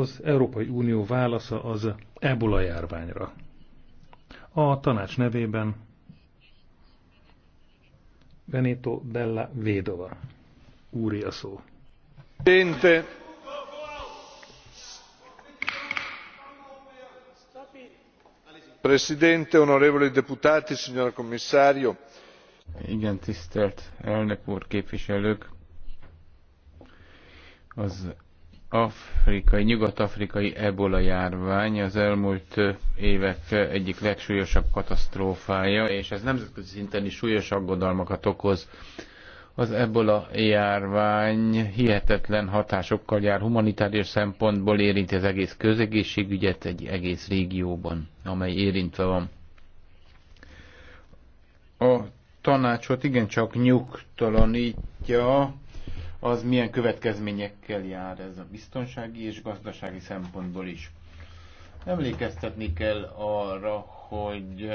az Európai Unió válasza az ebola járványra. A tanács nevében Benito Bella Védova. Úri a szó. Presidente, onorevoli deputati, signor commissario. Igen, tisztelt elnök úr, képviselők. Az afrikai, nyugat-afrikai ebola járvány az elmúlt évek egyik legsúlyosabb katasztrófája, és ez nemzetközi szinten is súlyos aggodalmakat okoz. Az ebola járvány hihetetlen hatásokkal jár humanitárius szempontból, érinti az egész közegészségügyet egy egész régióban, amely érintve van. A tanácsot igencsak nyugtalanítja az milyen következményekkel jár ez a biztonsági és gazdasági szempontból is. Emlékeztetni kell arra, hogy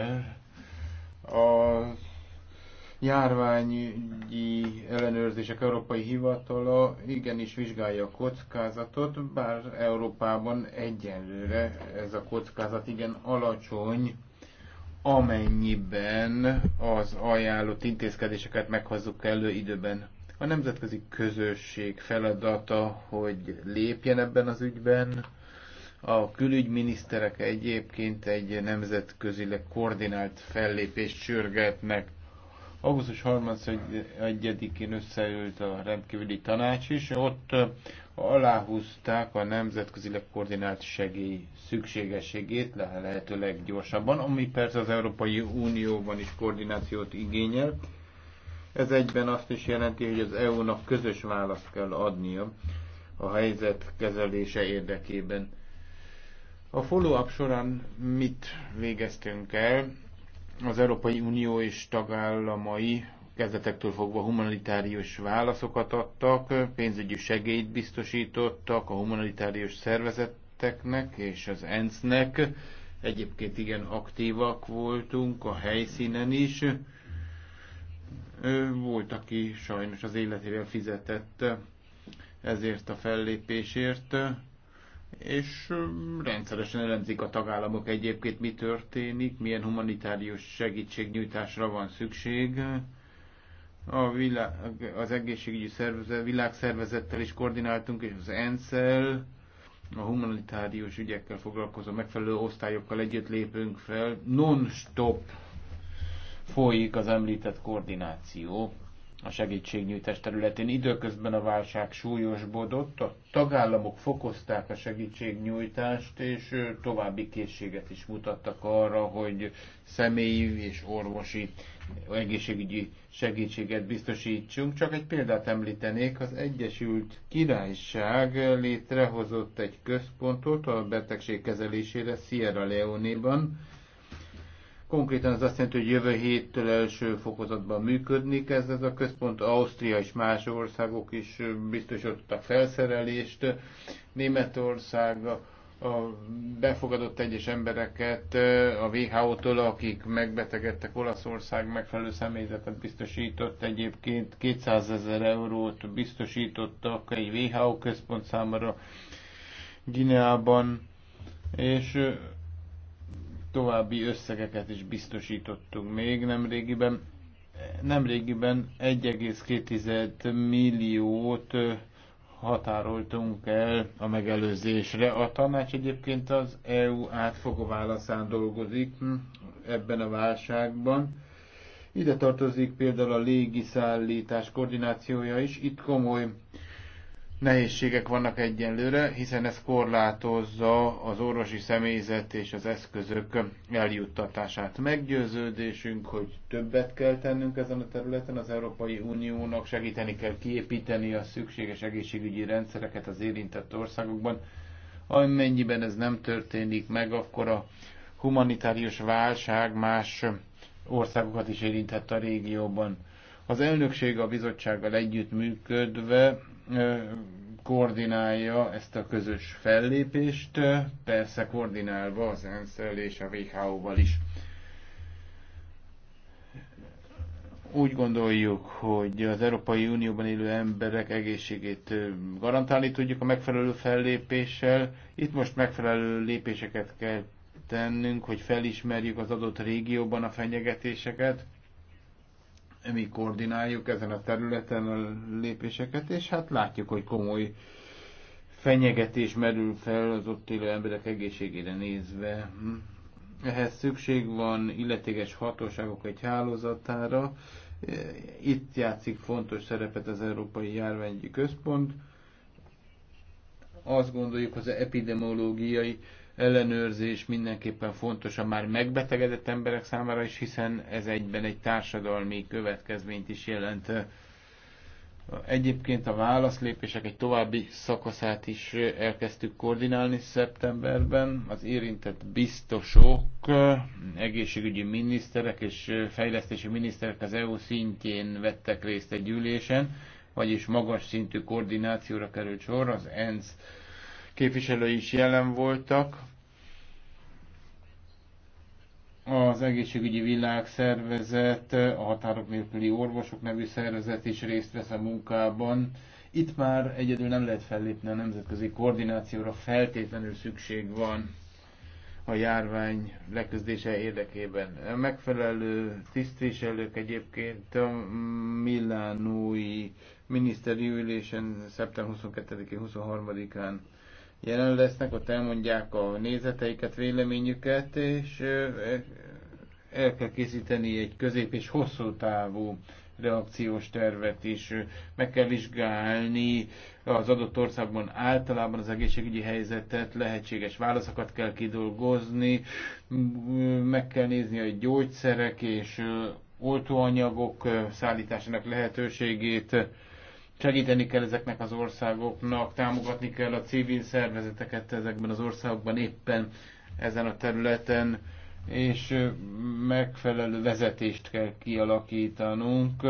a járványügyi ellenőrzések Európai Hivatala igenis vizsgálja a kockázatot, bár Európában egyenlőre ez a kockázat igen alacsony, amennyiben az ajánlott intézkedéseket meghozzuk elő időben. A nemzetközi közösség feladata, hogy lépjen ebben az ügyben. A külügyminiszterek egyébként egy nemzetközileg koordinált fellépést sürgetnek. Augusztus 31-én összeült a rendkívüli tanács is, ott aláhúzták a nemzetközileg koordinált segély szükségességét lehetőleg gyorsabban, ami persze az Európai Unióban is koordinációt igényel. Ez egyben azt is jelenti, hogy az EU-nak közös választ kell adnia a helyzet kezelése érdekében. A follow-up során mit végeztünk el? Az Európai Unió és tagállamai kezdetektől fogva humanitárius válaszokat adtak, pénzügyi segélyt biztosítottak a humanitárius szervezeteknek és az ENSZ-nek. Egyébként igen aktívak voltunk a helyszínen is. Volt, aki sajnos az életével fizetett ezért a fellépésért, és rendszeresen elemzik a tagállamok egyébként, mi történik, milyen humanitárius segítségnyújtásra van szükség. A világ, az egészségügyi szervezet, világszervezettel is koordináltunk, és az ensz a humanitárius ügyekkel foglalkozó megfelelő osztályokkal együtt lépünk fel. Non-stop folyik az említett koordináció a segítségnyújtás területén. Időközben a válság súlyosbodott, a tagállamok fokozták a segítségnyújtást, és további készséget is mutattak arra, hogy személyi és orvosi egészségügyi segítséget biztosítsunk. Csak egy példát említenék, az Egyesült Királyság létrehozott egy központot a betegség kezelésére Sierra Leone-ban, Konkrétan az azt jelenti, hogy jövő héttől első fokozatban működni kezd ez a központ. Ausztria és más országok is biztosítottak felszerelést. Németország a befogadott egyes embereket a WHO-tól, akik megbetegedtek Olaszország megfelelő személyzetet biztosított, egyébként 200 ezer eurót biztosítottak egy WHO központ számára Gineában, és további összegeket is biztosítottunk még nemrégiben. Nemrégiben 1,2 milliót határoltunk el a megelőzésre. A tanács egyébként az EU átfogó válaszán dolgozik hm, ebben a válságban. Ide tartozik például a légiszállítás koordinációja is. Itt komoly nehézségek vannak egyenlőre, hiszen ez korlátozza az orvosi személyzet és az eszközök eljuttatását. Meggyőződésünk, hogy többet kell tennünk ezen a területen, az Európai Uniónak segíteni kell kiépíteni a szükséges egészségügyi rendszereket az érintett országokban. Amennyiben ez nem történik meg, akkor a humanitárius válság más országokat is érintett a régióban. Az elnökség a bizottsággal együttműködve koordinálja ezt a közös fellépést, persze koordinálva az ensz és a WHO-val is. Úgy gondoljuk, hogy az Európai Unióban élő emberek egészségét garantálni tudjuk a megfelelő fellépéssel. Itt most megfelelő lépéseket kell tennünk, hogy felismerjük az adott régióban a fenyegetéseket, mi koordináljuk ezen a területen a lépéseket, és hát látjuk, hogy komoly fenyegetés merül fel az ott élő emberek egészségére nézve. Ehhez szükség van illetéges hatóságok egy hálózatára. Itt játszik fontos szerepet az Európai Járványügyi Központ. Azt gondoljuk, az epidemiológiai ellenőrzés mindenképpen fontos a már megbetegedett emberek számára is, hiszen ez egyben egy társadalmi következményt is jelent. Egyébként a válaszlépések egy további szakaszát is elkezdtük koordinálni szeptemberben. Az érintett biztosok, egészségügyi miniszterek és fejlesztési miniszterek az EU szintjén vettek részt egy ülésen, vagyis magas szintű koordinációra került sor az ENSZ képviselői is jelen voltak. Az Egészségügyi Világszervezet, a Határok nélküli orvosok nevű szervezet is részt vesz a munkában. Itt már egyedül nem lehet fellépni a nemzetközi koordinációra, feltétlenül szükség van a járvány leküzdése érdekében. megfelelő tisztviselők egyébként a Milánói miniszteri ülésen szeptember 22-23-án jelen lesznek, ott elmondják a nézeteiket, véleményüket, és el kell készíteni egy közép és hosszú távú reakciós tervet is. Meg kell vizsgálni az adott országban általában az egészségügyi helyzetet, lehetséges válaszokat kell kidolgozni, meg kell nézni a gyógyszerek és oltóanyagok szállításának lehetőségét, segíteni kell ezeknek az országoknak, támogatni kell a civil szervezeteket ezekben az országokban éppen ezen a területen, és megfelelő vezetést kell kialakítanunk.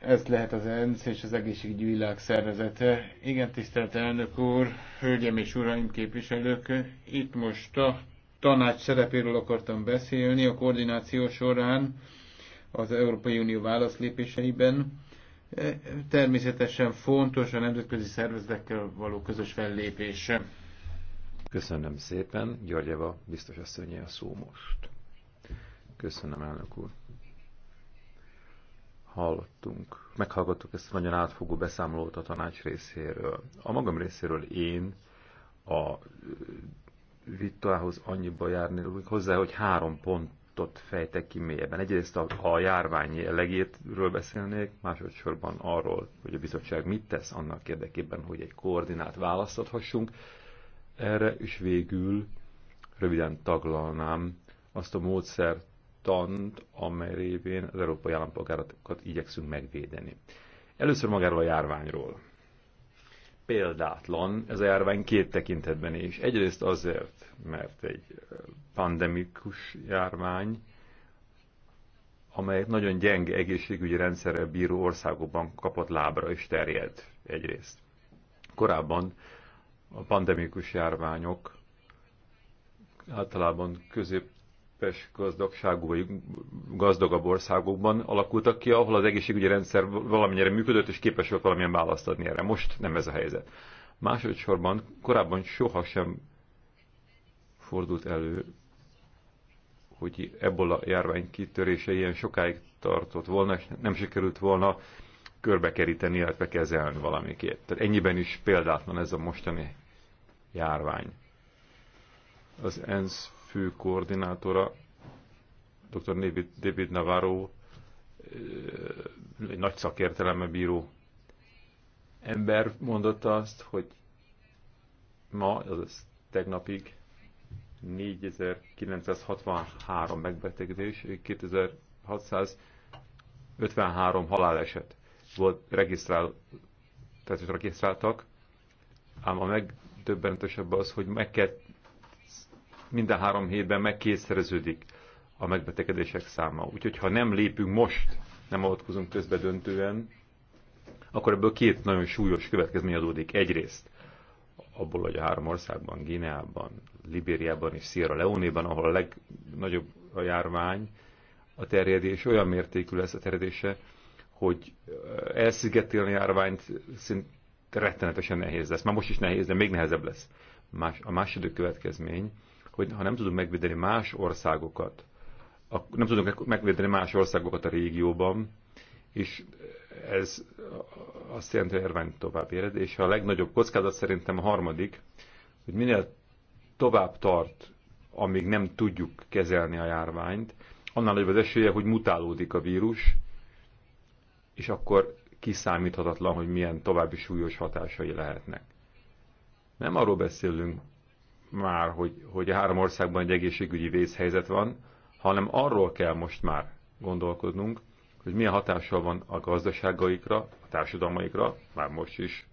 Ez lehet az ENSZ és az Egészségügyi Világszervezete. Igen, tisztelt elnök úr, hölgyem és uraim képviselők, itt most a tanács szerepéről akartam beszélni a koordináció során az Európai Unió válaszlépéseiben E, természetesen fontos a nemzetközi szervezetekkel való közös fellépés. Köszönöm szépen. Györgyeva biztos asszonyé a szó most. Köszönöm, elnök úr. Hallottunk, meghallgattuk ezt a nagyon átfogó beszámolót a tanács részéről. A magam részéről én a vitához annyiba járni hozzá, hogy három pont ott fejtek ki mélyebben. Egyrészt a, a járvány jellegétről beszélnék, másodszorban arról, hogy a bizottság mit tesz annak érdekében, hogy egy koordinát választathassunk. Erre is végül röviden taglalnám azt a módszertant, amely révén az európai állampolgárokat igyekszünk megvédeni. Először magáról a járványról példátlan ez a járvány két tekintetben is. Egyrészt azért, mert egy pandemikus járvány, amely nagyon gyenge egészségügyi rendszerre bíró országokban kapott lábra és terjed egyrészt. Korábban a pandemikus járványok általában közép közepes gazdagságú vagy gazdagabb országokban alakultak ki, ahol az egészségügyi rendszer valamennyire működött, és képes volt valamilyen választ adni erre. Most nem ez a helyzet. Másodszorban korábban sohasem fordult elő, hogy ebből a járvány kitörése ilyen sokáig tartott volna, és nem sikerült volna körbekeríteni, illetve kezelni valamikét. Tehát ennyiben is példátlan ez a mostani járvány. Az ENSZ fő koordinátora, dr. David Navarro, egy nagy szakértelemmel bíró ember mondotta azt, hogy ma, azaz tegnapig 4963 megbetegedés, 2653 haláleset volt regisztrál, tehát regisztráltak, ám a megdöbbentősebb az, hogy meg kell minden három hétben megkétszereződik a megbetegedések száma. Úgyhogy ha nem lépünk most, nem avatkozunk közbe döntően, akkor ebből két nagyon súlyos következmény adódik. Egyrészt abból, hogy a három országban, Gineában, Libériában és Sierra Leone-ban, ahol a legnagyobb a járvány, a terjedés olyan mértékű lesz a terjedése, hogy elszigetelni a járványt szinte rettenetesen nehéz lesz. Már most is nehéz, de még nehezebb lesz. Más, a második következmény, hogy ha nem tudunk megvédeni más országokat, nem tudunk megvédeni más országokat a régióban, és ez azt jelenti, hogy Erván tovább éred, és a legnagyobb kockázat szerintem a harmadik, hogy minél tovább tart, amíg nem tudjuk kezelni a járványt, annál nagyobb az esélye, hogy mutálódik a vírus, és akkor kiszámíthatatlan, hogy milyen további súlyos hatásai lehetnek. Nem arról beszélünk, már, hogy, hogy a három országban egy egészségügyi vészhelyzet van, hanem arról kell most már gondolkodnunk, hogy milyen hatással van a gazdaságaikra, a társadalmaikra, már most is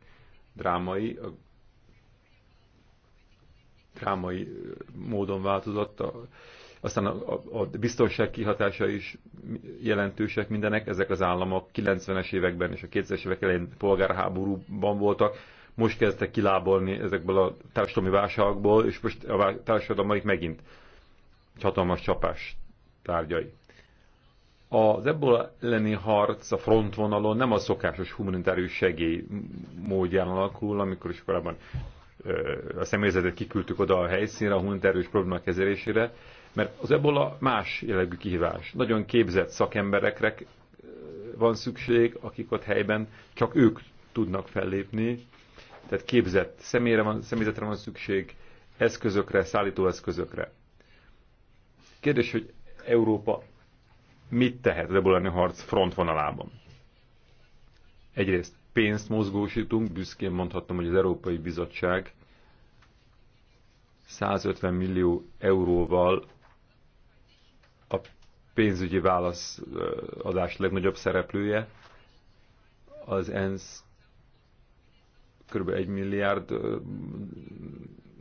drámai, a drámai módon változott, a, aztán a, a, a biztonság kihatása is jelentősek mindenek, ezek az államok 90-es években és a 2000-es évek elején polgárháborúban voltak, most kezdtek kilábolni ezekből a társadalmi válságokból, és most a társadalmaik megint egy hatalmas csapás tárgyai. Az ebből elleni harc a frontvonalon nem a szokásos humanitárius segély módján alakul, amikor is korábban a személyzetet kiküldtük oda a helyszínre, a humanitárius probléma kezelésére, mert az ebola más jellegű kihívás. Nagyon képzett szakemberekre van szükség, akik ott helyben csak ők tudnak fellépni, tehát képzett személyre van, személyzetre van szükség, eszközökre, szállítóeszközökre. Kérdés, hogy Európa mit tehet az ebolani harc frontvonalában? Egyrészt pénzt mozgósítunk, büszkén mondhatom, hogy az Európai Bizottság 150 millió euróval a pénzügyi válaszadás legnagyobb szereplője, az ENSZ kb. 1 milliárd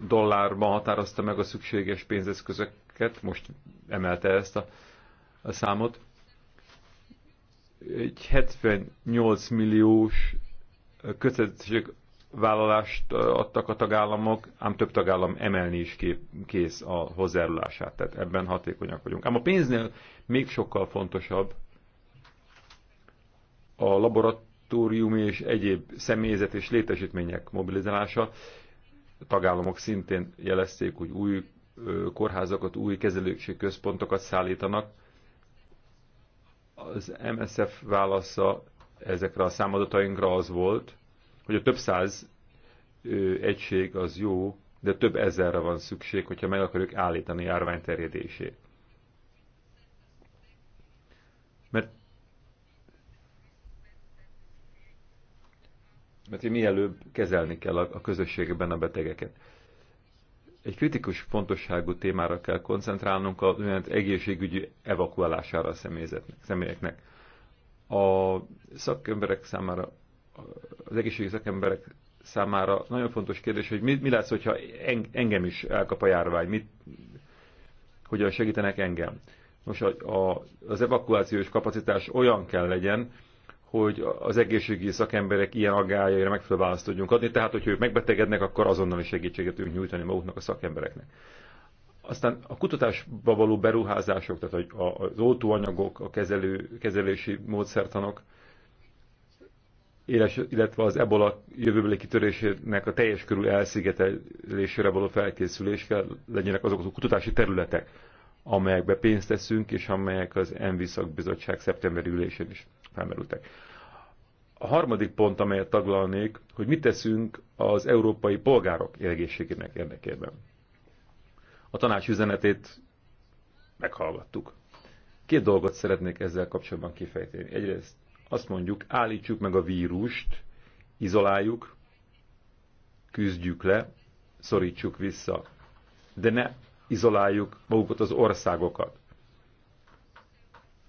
dollárban határozta meg a szükséges pénzeszközöket, most emelte ezt a, a számot. Egy 78 milliós kötelezettség vállalást adtak a tagállamok, ám több tagállam emelni is kép, kész a hozzájárulását, tehát ebben hatékonyak vagyunk. Ám a pénznél még sokkal fontosabb a laboratórium, laboratóriumi és egyéb személyzet és létesítmények mobilizálása. A tagállamok szintén jelezték, hogy új kórházakat, új kezelőség központokat szállítanak. Az MSF válasza ezekre a számadatainkra az volt, hogy a több száz egység az jó, de több ezerre van szükség, hogyha meg akarjuk állítani járvány terjedését. Mert mert mielőbb kezelni kell a, a közösségben a betegeket. Egy kritikus fontosságú témára kell koncentrálnunk az olyan egészségügyi evakuálására a személyzetnek, személyeknek. A szakemberek számára, az egészségügyi szakemberek számára nagyon fontos kérdés, hogy mi, mi lesz, hogyha engem is elkap a járvány, mit, hogyan segítenek engem. Nos, a, a, az evakuációs kapacitás olyan kell legyen, hogy az egészségügyi szakemberek ilyen aggályaira megfelelő választ tudjunk adni, tehát hogyha ők megbetegednek, akkor azonnali segítséget tudjunk nyújtani maguknak a szakembereknek. Aztán a kutatásba való beruházások, tehát az oltóanyagok, a kezelő, kezelési módszertanok, éles, illetve az ebola jövőbeli kitörésének a teljes körű elszigetelésére való felkészülés kell legyenek azok a kutatási területek, amelyekbe pénzt teszünk, és amelyek az ENVI szakbizottság szeptemberi ülésén is felmerültek. A harmadik pont, amelyet taglalnék, hogy mit teszünk az európai polgárok egészségének érdekében. A tanács üzenetét meghallgattuk. Két dolgot szeretnék ezzel kapcsolatban kifejteni. Egyrészt azt mondjuk, állítsuk meg a vírust, izoláljuk, küzdjük le, szorítsuk vissza. De ne izoláljuk magukat az országokat.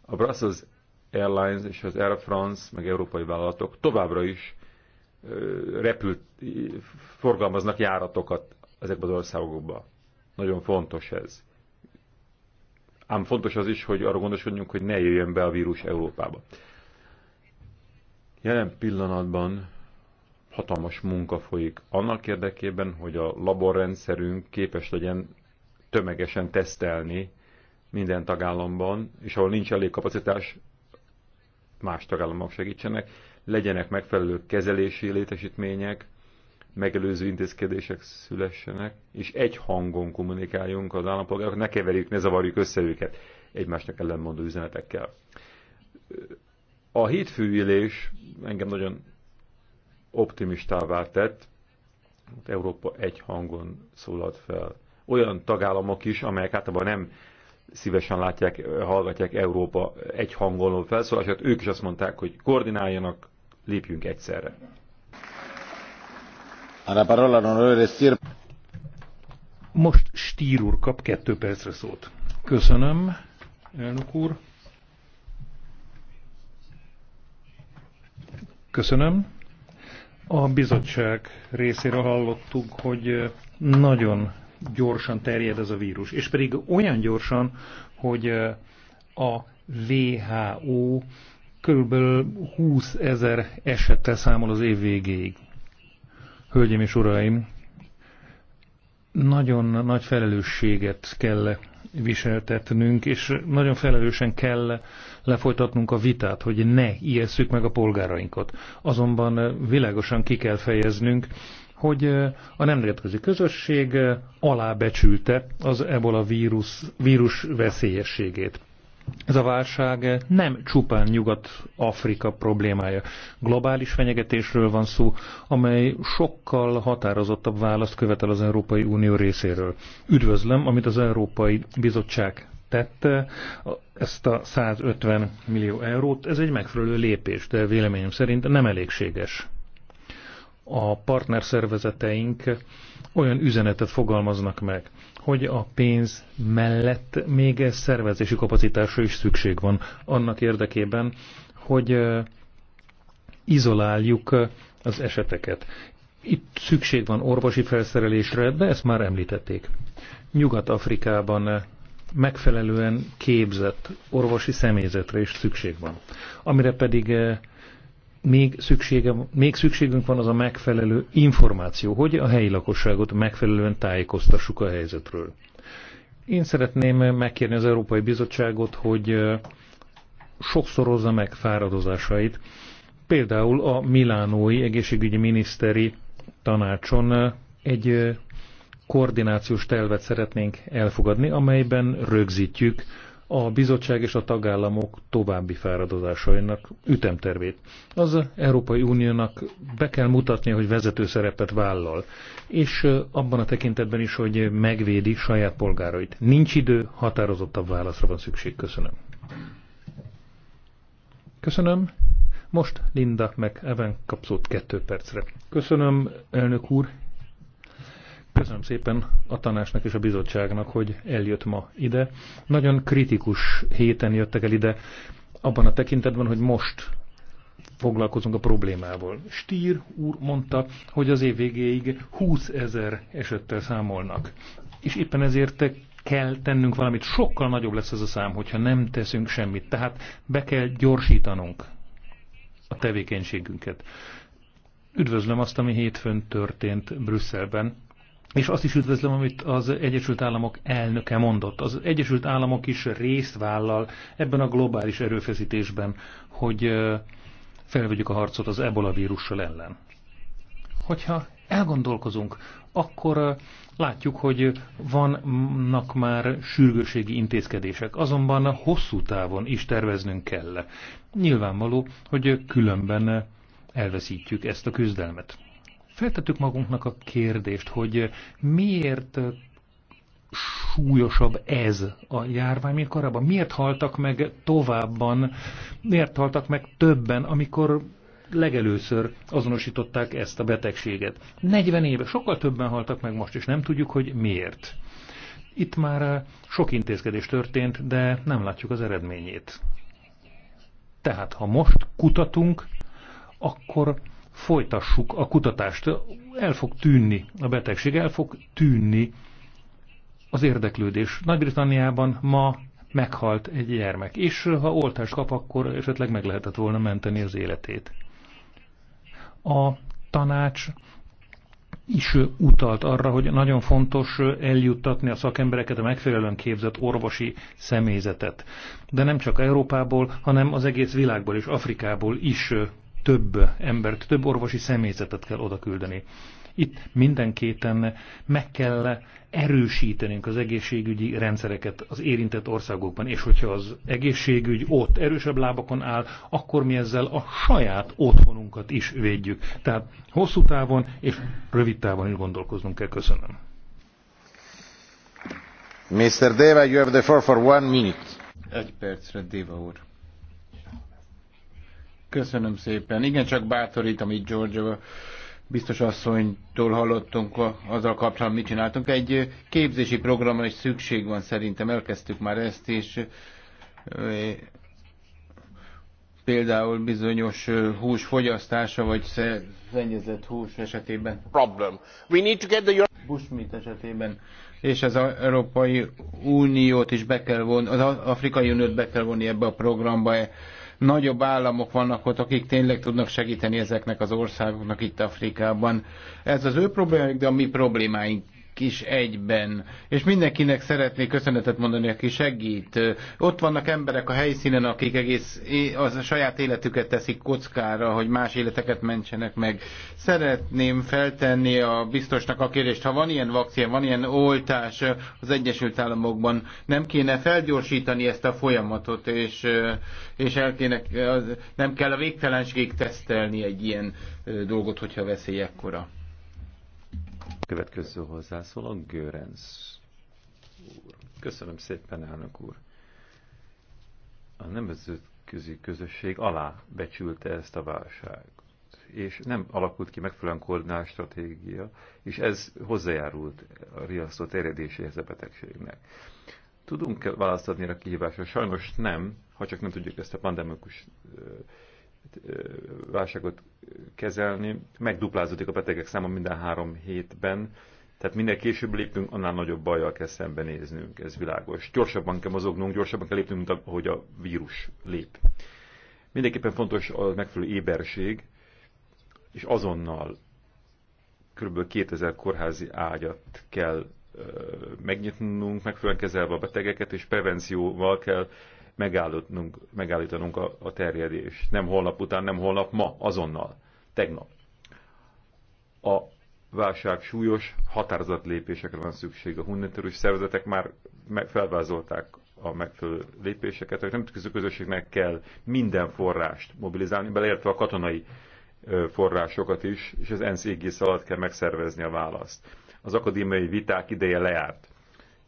A Brussels Airlines és az Air France, meg európai vállalatok továbbra is repült, forgalmaznak járatokat ezekben az országokba. Nagyon fontos ez. Ám fontos az is, hogy arra gondoskodjunk, hogy ne jöjjön be a vírus Európába. Jelen pillanatban hatalmas munka folyik annak érdekében, hogy a laborrendszerünk képes legyen tömegesen tesztelni minden tagállamban, és ahol nincs elég kapacitás, más tagállamok segítsenek, legyenek megfelelő kezelési létesítmények, megelőző intézkedések szülessenek, és egy hangon kommunikáljunk az állampolgárok, ne keverjük, ne zavarjuk össze őket egymásnak ellenmondó üzenetekkel. A hétfőülés engem nagyon optimistává tett, Európa egy hangon szólalt fel. Olyan tagállamok is, amelyek általában nem szívesen látják, hallgatják Európa egy hangoló felszólását. Ők is azt mondták, hogy koordináljanak, lépjünk egyszerre. Most Stír úr kap kettő percre szót. Köszönöm, elnök úr. Köszönöm. A bizottság részéről hallottuk, hogy nagyon gyorsan terjed ez a vírus, és pedig olyan gyorsan, hogy a WHO körülbelül 20 ezer esettel számol az év végéig. Hölgyeim és uraim, nagyon nagy felelősséget kell viseltetnünk, és nagyon felelősen kell lefolytatnunk a vitát, hogy ne ijesszük meg a polgárainkat. Azonban világosan ki kell fejeznünk, hogy a nemzetközi közösség alábecsülte az ebola vírus, vírus veszélyességét. Ez a válság nem csupán Nyugat-Afrika problémája. Globális fenyegetésről van szó, amely sokkal határozottabb választ követel az Európai Unió részéről. Üdvözlöm, amit az Európai Bizottság tette, ezt a 150 millió eurót, ez egy megfelelő lépés, de véleményem szerint nem elégséges a partnerszervezeteink olyan üzenetet fogalmaznak meg, hogy a pénz mellett még szervezési kapacitásra is szükség van annak érdekében, hogy izoláljuk az eseteket. Itt szükség van orvosi felszerelésre, de ezt már említették. Nyugat-Afrikában megfelelően képzett orvosi személyzetre is szükség van, amire pedig még, szükségem, még szükségünk van az a megfelelő információ, hogy a helyi lakosságot megfelelően tájékoztassuk a helyzetről. Én szeretném megkérni az Európai Bizottságot, hogy sokszorozza meg fáradozásait. Például a Milánói egészségügyi miniszteri tanácson egy koordinációs tervet szeretnénk elfogadni, amelyben rögzítjük, a bizottság és a tagállamok további fáradozásainak ütemtervét. Az Európai Uniónak be kell mutatnia, hogy vezető szerepet vállal, és abban a tekintetben is, hogy megvédi saját polgárait. Nincs idő, határozottabb válaszra van szükség. Köszönöm. Köszönöm. Most Linda meg Evan kapszót kettő percre. Köszönöm, elnök úr, Köszönöm szépen a tanácsnak és a bizottságnak, hogy eljött ma ide. Nagyon kritikus héten jöttek el ide, abban a tekintetben, hogy most foglalkozunk a problémával. Stír úr mondta, hogy az év végéig 20 ezer esettel számolnak. És éppen ezért kell tennünk valamit. Sokkal nagyobb lesz ez a szám, hogyha nem teszünk semmit. Tehát be kell gyorsítanunk a tevékenységünket. Üdvözlöm azt, ami hétfőn történt Brüsszelben, és azt is üdvözlöm, amit az Egyesült Államok elnöke mondott. Az Egyesült Államok is részt vállal ebben a globális erőfeszítésben, hogy felvegyük a harcot az ebola vírussal ellen. Hogyha elgondolkozunk, akkor látjuk, hogy vannak már sürgőségi intézkedések, azonban hosszú távon is terveznünk kell. Nyilvánvaló, hogy különben elveszítjük ezt a küzdelmet feltettük magunknak a kérdést, hogy miért súlyosabb ez a járvány, mint korábban? Miért haltak meg továbban, miért haltak meg többen, amikor legelőször azonosították ezt a betegséget? 40 éve, sokkal többen haltak meg most, és nem tudjuk, hogy miért. Itt már sok intézkedés történt, de nem látjuk az eredményét. Tehát, ha most kutatunk, akkor folytassuk a kutatást. El fog tűnni a betegség, el fog tűnni az érdeklődés. Nagy-Britanniában ma meghalt egy gyermek, és ha oltást kap, akkor esetleg meg lehetett volna menteni az életét. A tanács is utalt arra, hogy nagyon fontos eljuttatni a szakembereket, a megfelelően képzett orvosi személyzetet. De nem csak Európából, hanem az egész világból és Afrikából is több embert, több orvosi személyzetet kell oda küldeni. Itt mindenképpen meg kell erősítenünk az egészségügyi rendszereket az érintett országokban, és hogyha az egészségügy ott erősebb lábakon áll, akkor mi ezzel a saját otthonunkat is védjük. Tehát hosszú távon és rövid távon is gondolkoznunk kell. Köszönöm. Mr. Deva, you have the floor for one minute. Egy percre, Deva úr. Köszönöm szépen. Igen, csak bátorít, amit Giorgio biztos asszonytól hallottunk azzal kapcsolatban, mit csináltunk. Egy képzési programra is szükség van szerintem, elkezdtük már ezt, és például bizonyos hús fogyasztása, vagy szennyezett hús esetében. Problem. We need to get the... Bushmeat esetében. És az Európai Uniót is be kell vonni, az Afrikai Uniót be kell vonni ebbe a programba nagyobb államok vannak ott, akik tényleg tudnak segíteni ezeknek az országoknak itt Afrikában. Ez az ő problémájuk, de a mi problémáink is egyben. És mindenkinek szeretnék köszönetet mondani, aki segít. Ott vannak emberek a helyszínen, akik egész az a saját életüket teszik kockára, hogy más életeket mentsenek meg. Szeretném feltenni a biztosnak a kérdést, ha van ilyen vakcina, van ilyen oltás az Egyesült Államokban, nem kéne felgyorsítani ezt a folyamatot, és, és el kéne, nem kell a végtelenségig tesztelni egy ilyen dolgot, hogyha veszély ekkora. Következő hozzászól a Görenc úr. Köszönöm szépen, elnök úr. A nemzetközi közösség alá becsülte ezt a válságot, és nem alakult ki megfelelően koordinált stratégia, és ez hozzájárult a riasztó terjedéséhez a betegségnek. Tudunk-e választ adni a kihívásra? Sajnos nem, ha csak nem tudjuk ezt a pandemikus válságot kezelni, megduplázódik a betegek száma minden három hétben, tehát minél később lépünk, annál nagyobb bajjal kell szembenéznünk, ez világos. Gyorsabban kell mozognunk, gyorsabban kell lépnünk, mint ahogy a vírus lép. Mindenképpen fontos a megfelelő éberség, és azonnal kb. 2000 kórházi ágyat kell megnyitnunk, megfelelően kezelve a betegeket, és prevencióval kell megállítanunk, megállítanunk a, a terjedést. Nem holnap után, nem holnap, ma, azonnal, tegnap. A válság súlyos, határozat lépésekre van szükség. A humanitárius szervezetek már felvázolták a megfelelő lépéseket, hogy nemzetközi közösségnek kell minden forrást mobilizálni, beleértve a katonai forrásokat is, és az ENSZ égész alatt kell megszervezni a választ. Az akadémiai viták ideje lejárt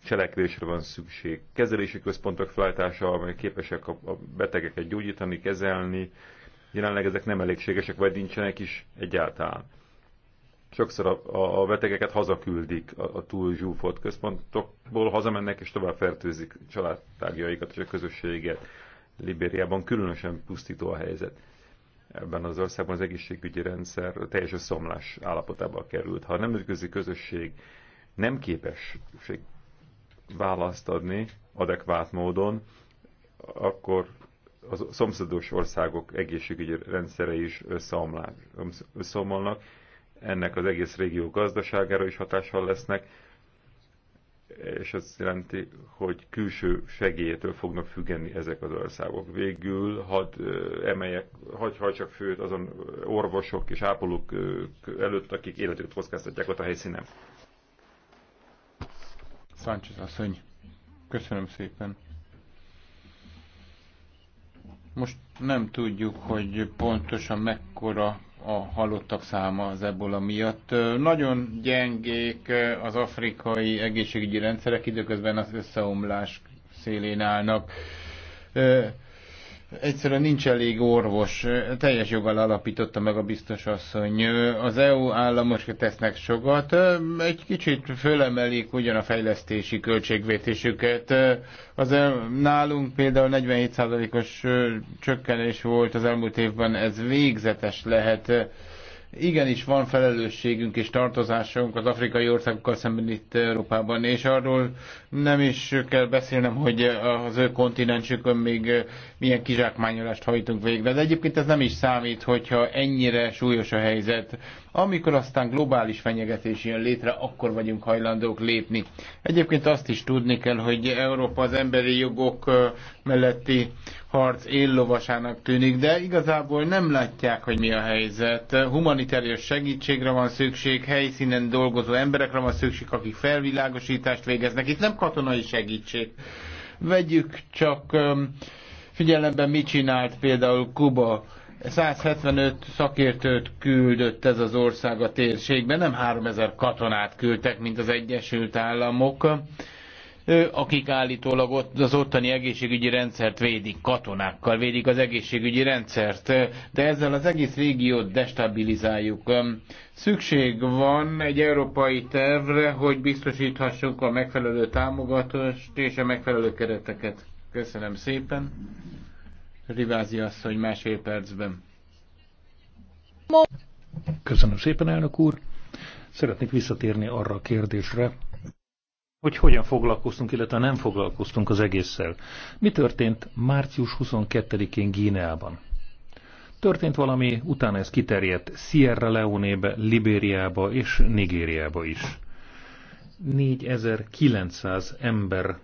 cselekvésre van szükség. Kezelési központok feltása, amelyek képesek a betegeket gyógyítani, kezelni, jelenleg ezek nem elégségesek, vagy nincsenek is egyáltalán. Sokszor a, a betegeket hazaküldik a, a túl zsúfolt központokból, hazamennek és tovább fertőzik családtágjaikat és a közösséget. Libériában különösen pusztító a helyzet. Ebben az országban az egészségügyi rendszer teljes szomlás állapotába került. Ha a nemzetközi közösség nem képes választ adni adekvát módon, akkor a szomszédos országok egészségügyi rendszere is összeomlanak, ennek az egész régió gazdaságára is hatással lesznek, és ez jelenti, hogy külső segélyétől fognak függeni ezek az országok. Végül hadd emeljek, hagy csak főt azon orvosok és ápolók előtt, akik életüket kockáztatják ott a helyszínen. Sánchez asszony, köszönöm szépen. Most nem tudjuk, hogy pontosan mekkora a halottak száma az ebola miatt. Nagyon gyengék az afrikai egészségügyi rendszerek, időközben az összeomlás szélén állnak Egyszerűen nincs elég orvos. Teljes joggal alapította meg a biztos asszony. Az EU államok tesznek sokat. Egy kicsit fölemelik ugyan a fejlesztési költségvetésüket. Az el, nálunk például 47%-os csökkenés volt az elmúlt évben. Ez végzetes lehet Igenis van felelősségünk és tartozásunk az afrikai országokkal szemben itt Európában, és arról nem is kell beszélnem, hogy az ő kontinensükön még milyen kizsákmányolást hajtunk végre. De egyébként ez nem is számít, hogyha ennyire súlyos a helyzet. Amikor aztán globális fenyegetés jön létre, akkor vagyunk hajlandók lépni. Egyébként azt is tudni kell, hogy Európa az emberi jogok melletti harc éllovasának tűnik, de igazából nem látják, hogy mi a helyzet. Humanitárius segítségre van szükség, helyszínen dolgozó emberekre van szükség, akik felvilágosítást végeznek. Itt nem katonai segítség. Vegyük csak figyelembe, mit csinált például Kuba. 175 szakértőt küldött ez az ország a térségbe, nem 3000 katonát küldtek, mint az Egyesült Államok akik állítólag ott, az ottani egészségügyi rendszert védik, katonákkal védik az egészségügyi rendszert, de ezzel az egész régiót destabilizáljuk. Szükség van egy európai tervre, hogy biztosíthassunk a megfelelő támogatást és a megfelelő kereteket. Köszönöm szépen. Rivázi asszony másfél percben. Köszönöm szépen, elnök úr. Szeretnék visszatérni arra a kérdésre, hogy hogyan foglalkoztunk, illetve nem foglalkoztunk az egésszel. Mi történt március 22-én Gíneában? Történt valami, utána ez kiterjedt Sierra Leone-be, Libériába és Nigériába is. 4900 ember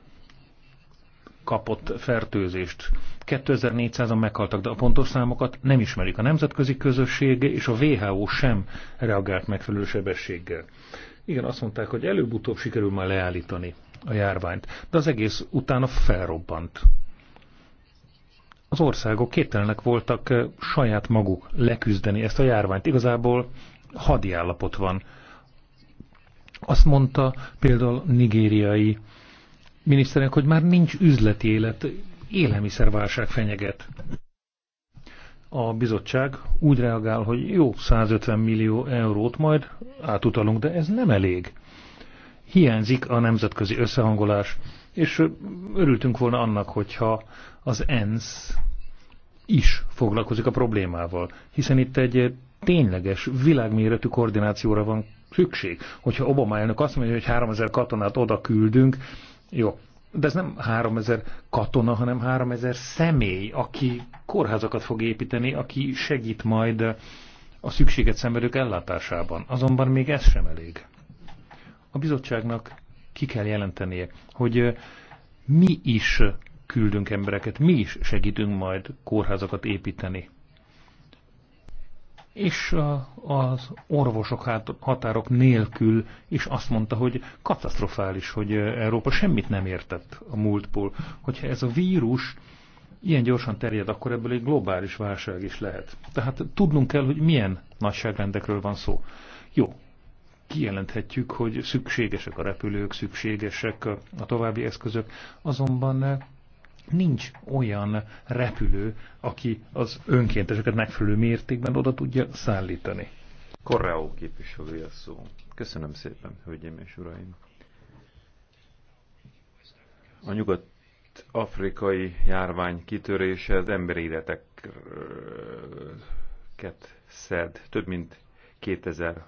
kapott fertőzést. 2400-an meghaltak, de a pontos számokat nem ismerik. A nemzetközi közösség és a WHO sem reagált megfelelő sebességgel. Igen, azt mondták, hogy előbb-utóbb sikerül már leállítani a járványt, de az egész utána felrobbant. Az országok képtelenek voltak eh, saját maguk leküzdeni ezt a járványt. Igazából hadi állapot van. Azt mondta például nigériai miniszternek, hogy már nincs üzleti élet, élelmiszerválság fenyeget a bizottság úgy reagál, hogy jó, 150 millió eurót majd átutalunk, de ez nem elég. Hiányzik a nemzetközi összehangolás, és örültünk volna annak, hogyha az ENSZ is foglalkozik a problémával, hiszen itt egy tényleges, világméretű koordinációra van szükség. Hogyha Obama elnök azt mondja, hogy 3000 katonát oda küldünk, jó, de ez nem 3000 katona, hanem 3000 személy, aki kórházakat fog építeni, aki segít majd a szükséget szenvedők ellátásában. Azonban még ez sem elég. A bizottságnak ki kell jelentenie, hogy mi is küldünk embereket, mi is segítünk majd kórházakat építeni és az orvosok hát, határok nélkül is azt mondta, hogy katasztrofális, hogy Európa semmit nem értett a múltból. Hogyha ez a vírus ilyen gyorsan terjed, akkor ebből egy globális válság is lehet. Tehát tudnunk kell, hogy milyen nagyságrendekről van szó. Jó, kijelenthetjük, hogy szükségesek a repülők, szükségesek a további eszközök, azonban nincs olyan repülő, aki az önkénteseket megfelelő mértékben oda tudja szállítani. Korreó képviselője szó. Köszönöm szépen, hölgyeim és uraim. A nyugat-afrikai járvány kitörése az emberi életeket szed. Több mint 2000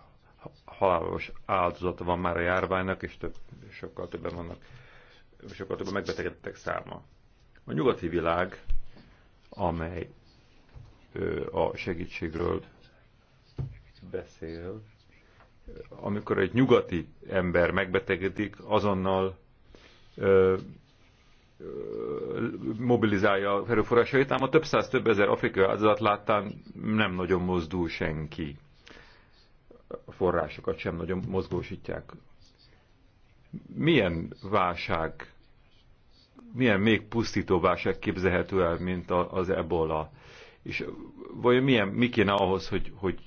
halálos áldozata van már a járványnak, és több, sokkal többen vannak, sokkal többen megbetegedettek száma. A nyugati világ, amely a segítségről beszél, amikor egy nyugati ember megbetegedik, azonnal ö, ö, mobilizálja a erőforrásait, ám a több száz, több ezer afrikai áldozat láttán nem nagyon mozdul senki. A forrásokat sem nagyon mozgósítják. Milyen válság milyen még pusztító válság képzelhető el, mint az ebola. És vajon milyen, mi kéne ahhoz, hogy, hogy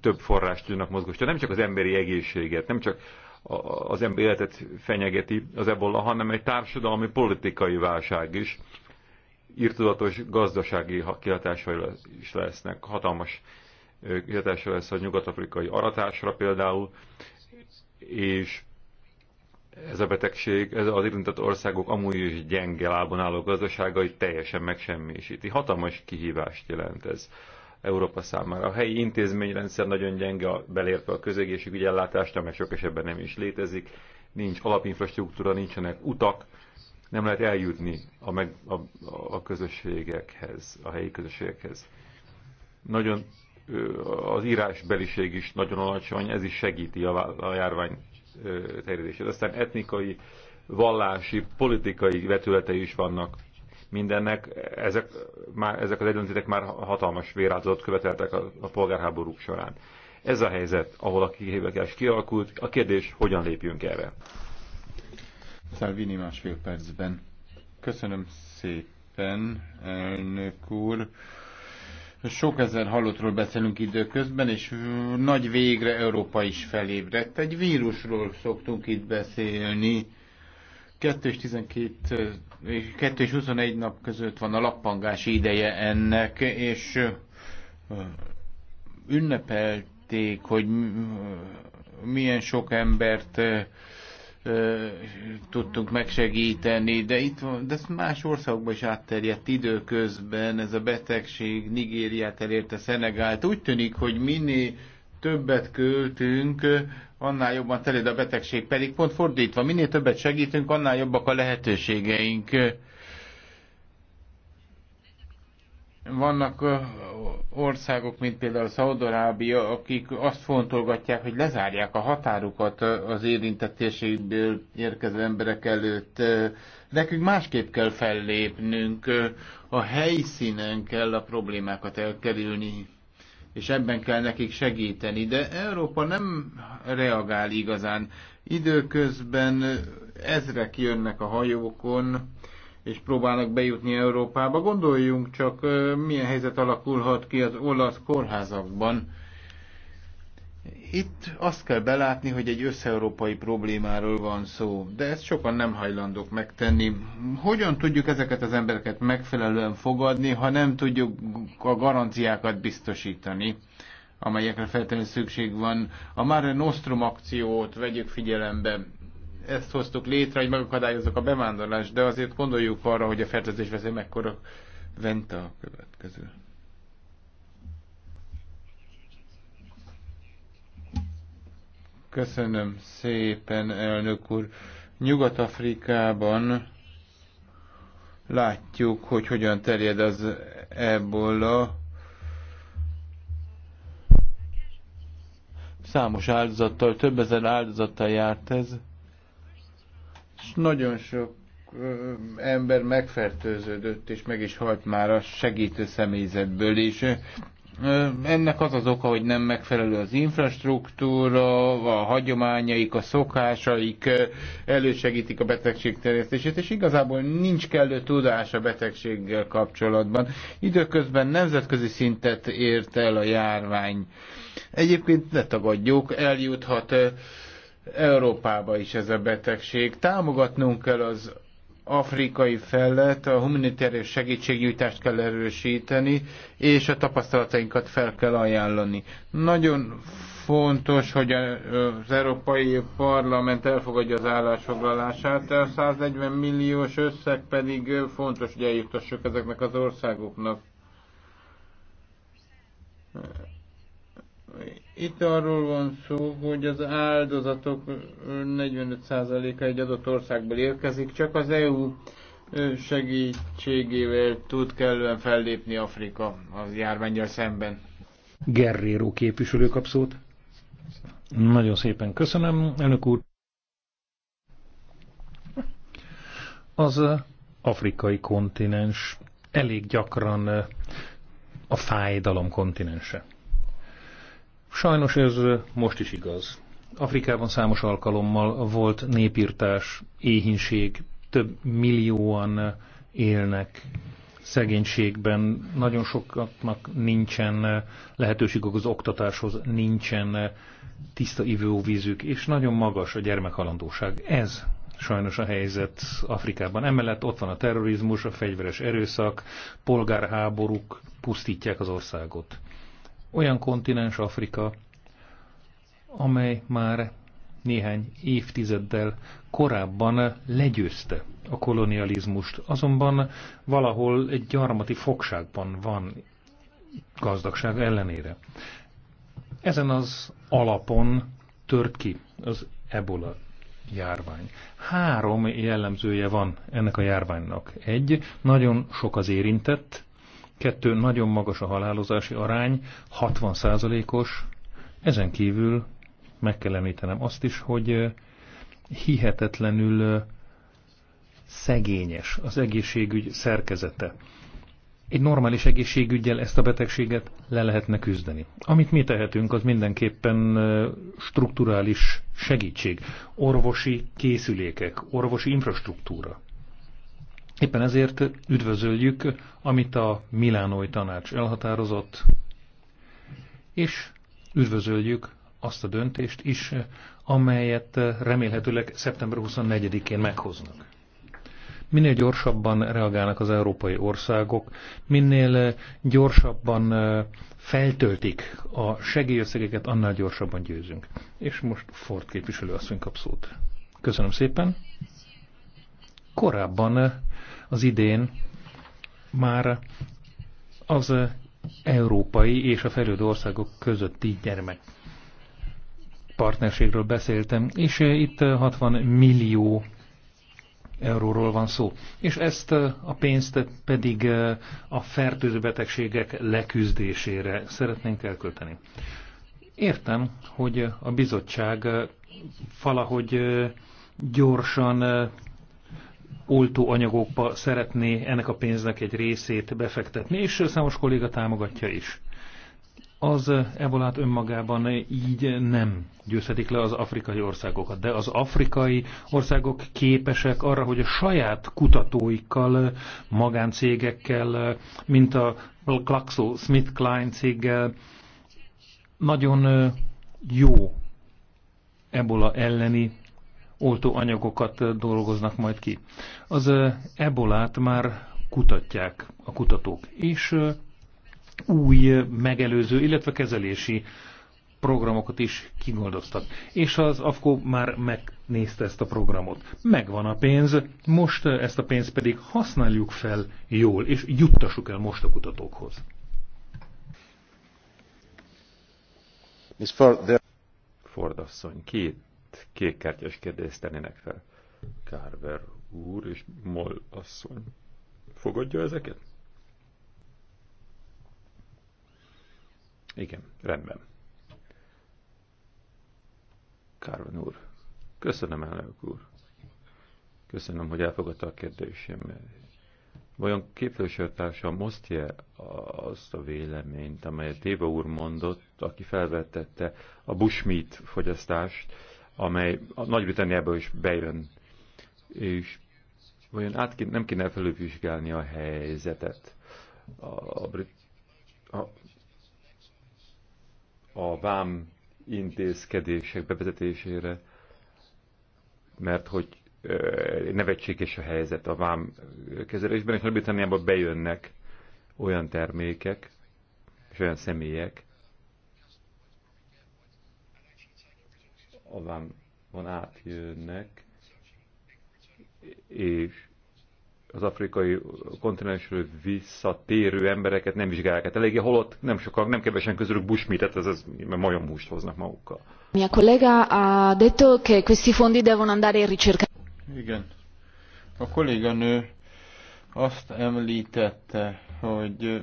több forrást tudnak mozgósítani? Nem csak az emberi egészséget, nem csak az ember életet fenyegeti az ebola, hanem egy társadalmi politikai válság is. Írtudatos gazdasági kihatásai is lesznek, hatalmas kihatása lesz a nyugat-afrikai aratásra például, és ez a betegség ez az érintett országok amúgy is gyenge lábon álló gazdaságait teljesen megsemmisíti. Hatalmas kihívást jelent ez Európa számára. A helyi intézményrendszer nagyon gyenge, belértve a közegészségügyi ellátást, amely sok esetben nem is létezik, nincs alapinfrastruktúra, nincsenek utak, nem lehet eljutni a, meg, a, a közösségekhez, a helyi közösségekhez. Nagyon az írásbeliség is nagyon alacsony, ez is segíti a, a járvány terjedését. Aztán etnikai, vallási, politikai vetületei is vannak mindennek. Ezek, már, ezek az egyöntétek már hatalmas véráldozatot követeltek a, a polgárháborúk során. Ez a helyzet, ahol a kihívás kialakult. A kérdés, hogyan lépjünk erre? Szalvini másfél percben. Köszönöm szépen, elnök úr. Sok ezer halottról beszélünk időközben, és nagy végre Európa is felébredt. Egy vírusról szoktunk itt beszélni. 2 és 12 2 és 21 nap között van a lappangás ideje ennek, és ünnepelték, hogy milyen sok embert tudtunk megsegíteni, de itt van, de más országokban is átterjedt időközben ez a betegség Nigériát elérte Szenegált. Úgy tűnik, hogy minél többet költünk, annál jobban terjed a betegség, pedig pont fordítva, minél többet segítünk, annál jobbak a lehetőségeink. Vannak országok, mint például Szaudarábia, akik azt fontolgatják, hogy lezárják a határukat az érintettségből érkező emberek előtt. Nekünk másképp kell fellépnünk, a helyszínen kell a problémákat elkerülni, és ebben kell nekik segíteni, de Európa nem reagál igazán. Időközben ezrek jönnek a hajókon, és próbálnak bejutni Európába. Gondoljunk csak, milyen helyzet alakulhat ki az olasz kórházakban. Itt azt kell belátni, hogy egy összeurópai problémáról van szó, de ezt sokan nem hajlandók megtenni. Hogyan tudjuk ezeket az embereket megfelelően fogadni, ha nem tudjuk a garanciákat biztosítani, amelyekre feltétlenül szükség van? A Mare Nostrum akciót vegyük figyelembe ezt hoztuk létre, hogy megakadályozzuk a bevándorlást, de azért gondoljuk arra, hogy a fertőzés veszély mekkora vente a következő. Köszönöm szépen, elnök úr. Nyugat-Afrikában látjuk, hogy hogyan terjed az ebola. Számos áldozattal, több ezer áldozattal járt ez nagyon sok ember megfertőződött, és meg is halt már a segítő személyzetből is. Ennek az az oka, hogy nem megfelelő az infrastruktúra, a hagyományaik, a szokásaik elősegítik a betegség terjesztését, és igazából nincs kellő tudás a betegséggel kapcsolatban. Időközben nemzetközi szintet ért el a járvány. Egyébként ne tagadjuk, eljuthat Európába is ez a betegség. Támogatnunk kell az afrikai fellet, a humanitárius segítségnyújtást kell erősíteni, és a tapasztalatainkat fel kell ajánlani. Nagyon fontos, hogy az Európai Parlament elfogadja az állásfoglalását, a 140 milliós összeg pedig fontos, hogy eljuttassuk ezeknek az országoknak. Itt arról van szó, hogy az áldozatok 45%-a egy adott országból érkezik, csak az EU segítségével tud kellően fellépni Afrika az járványjal szemben. Gerréró képviselő kap szót. Nagyon szépen köszönöm, elnök úr. Az afrikai kontinens elég gyakran a fájdalom kontinense. Sajnos ez most is igaz. Afrikában számos alkalommal volt népírtás, éhinség, több millióan élnek szegénységben, nagyon sokaknak nincsen lehetőség az oktatáshoz, nincsen tiszta ivóvízük, és nagyon magas a gyermekhalandóság. Ez sajnos a helyzet Afrikában. Emellett ott van a terrorizmus, a fegyveres erőszak, polgárháborúk pusztítják az országot olyan kontinens Afrika, amely már néhány évtizeddel korábban legyőzte a kolonializmust, azonban valahol egy gyarmati fogságban van gazdagság ellenére. Ezen az alapon tört ki az ebola járvány. Három jellemzője van ennek a járványnak. Egy, nagyon sok az érintett, Kettő, nagyon magas a halálozási arány, 60%-os. Ezen kívül meg kell említenem azt is, hogy hihetetlenül szegényes az egészségügy szerkezete. Egy normális egészségügyel ezt a betegséget le lehetne küzdeni. Amit mi tehetünk, az mindenképpen strukturális segítség, orvosi készülékek, orvosi infrastruktúra. Éppen ezért üdvözöljük, amit a Milánói Tanács elhatározott, és üdvözöljük azt a döntést is, amelyet remélhetőleg szeptember 24-én meghoznak. Minél gyorsabban reagálnak az európai országok, minél gyorsabban feltöltik a segélyösszegeket, annál gyorsabban győzünk. És most Ford képviselő asszony kap szót. Köszönöm szépen. Korábban az idén már az európai és a fejlődő országok közötti gyermek partnerségről beszéltem, és itt 60 millió euróról van szó. És ezt a pénzt pedig a fertőző betegségek leküzdésére szeretnénk elkölteni. Értem, hogy a bizottság valahogy gyorsan oltóanyagokba szeretné ennek a pénznek egy részét befektetni, és számos kolléga támogatja is. Az ebolát önmagában így nem győzhetik le az afrikai országokat, de az afrikai országok képesek arra, hogy a saját kutatóikkal, magáncégekkel, mint a Glaxo Smith Klein céggel nagyon jó ebola elleni oltóanyagokat dolgoznak majd ki. Az ebolát már kutatják a kutatók, és új megelőző, illetve kezelési programokat is kigondoztak. És az AFKO már megnézte ezt a programot. Megvan a pénz, most ezt a pénzt pedig használjuk fel jól, és juttassuk el most a kutatókhoz. Ford asszony, két mert kékkártyás kérdést tennének fel. Carver úr és Moll asszony. Fogadja ezeket? Igen, rendben. Carver úr. Köszönöm, elnök úr. Köszönöm, hogy elfogadta a kérdésem. Vajon képviselőtársam osztja azt a véleményt, amelyet Éva úr mondott, aki felvetette a bushmeat fogyasztást, amely a nagy britanniából is bejön. És vajon át kéne, nem kéne felülvizsgálni a helyzetet. A, a, brit, a, a vám intézkedések bevezetésére, mert hogy e, nevetséges a helyzet a vám kezelésben, és Nagy-Britanniába bejönnek olyan termékek és olyan személyek, a van átjönnek, és az afrikai kontinensről visszatérő embereket nem vizsgálják Hát eléggé, holott nem sokan, nem kevesen közülük busmitet, ez, ez húst hoznak magukkal. Mia collega a detto che questi fondi devono andare in ricerca. Igen. A kolléganő azt említette, hogy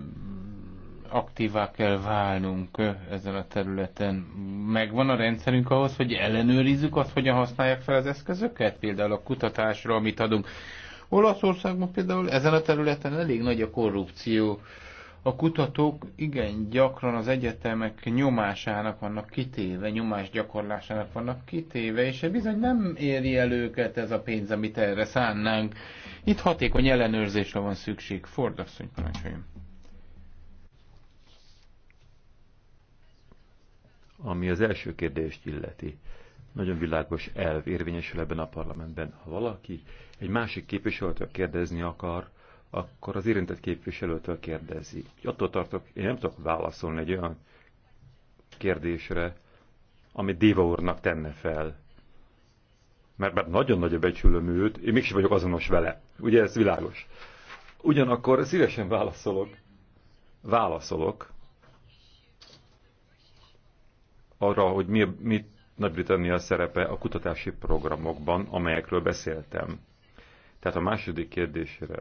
aktívá kell válnunk ezen a területen. Megvan a rendszerünk ahhoz, hogy ellenőrizzük azt, hogyan használják fel az eszközöket, például a kutatásra, amit adunk. Olaszországban például ezen a területen elég nagy a korrupció. A kutatók igen gyakran az egyetemek nyomásának vannak kitéve, nyomás gyakorlásának vannak kitéve, és bizony nem éri el őket ez a pénz, amit erre szánnánk. Itt hatékony ellenőrzésre van szükség. Fordasszony parancsoljon. Ami az első kérdést illeti, nagyon világos elv érvényesül ebben a parlamentben. Ha valaki egy másik képviselőtől kérdezni akar, akkor az érintett képviselőtől kérdezi. Attól tartok, én nem tudok válaszolni egy olyan kérdésre, amit Déva úrnak tenne fel. Mert, mert nagyon nagy a becsülöm őt, én mégsem vagyok azonos vele. Ugye ez világos. Ugyanakkor szívesen válaszolok, válaszolok arra, hogy mi, mi Nagy-Britannia szerepe a kutatási programokban, amelyekről beszéltem. Tehát a második kérdésre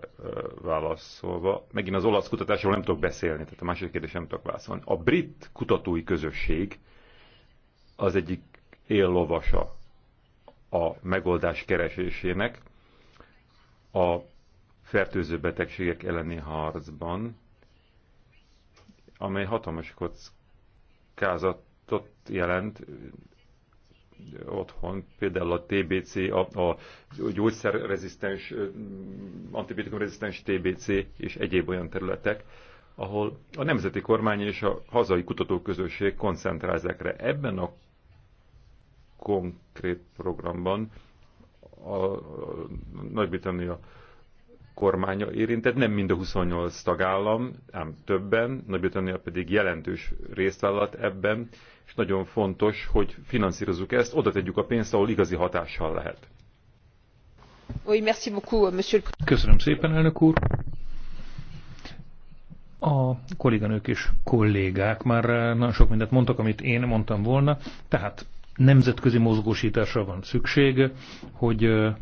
válaszolva, megint az olasz kutatásról nem tudok beszélni, tehát a második kérdésre nem tudok válaszolni. A brit kutatói közösség az egyik éllovasa a megoldás keresésének a fertőző betegségek elleni harcban, amely hatalmas kockázat ott jelent otthon, például a TBC, a, a gyógyszerrezisztens, antibiotikumrezisztens TBC és egyéb olyan területek, ahol a nemzeti kormány és a hazai kutatóközösség koncentrál ezekre. Ebben a konkrét programban a Nagy-Britannia kormánya érintett, nem mind a 28 tagállam, ám többen, Nagy-Britannia pedig jelentős részt vállalt ebben, és nagyon fontos, hogy finanszírozzuk ezt, oda tegyük a pénzt, ahol igazi hatással lehet. Köszönöm szépen, elnök úr. A kolléganők és kollégák már eh, nagyon sok mindent mondtak, amit én mondtam volna, tehát nemzetközi mozgósításra van szükség, hogy eh,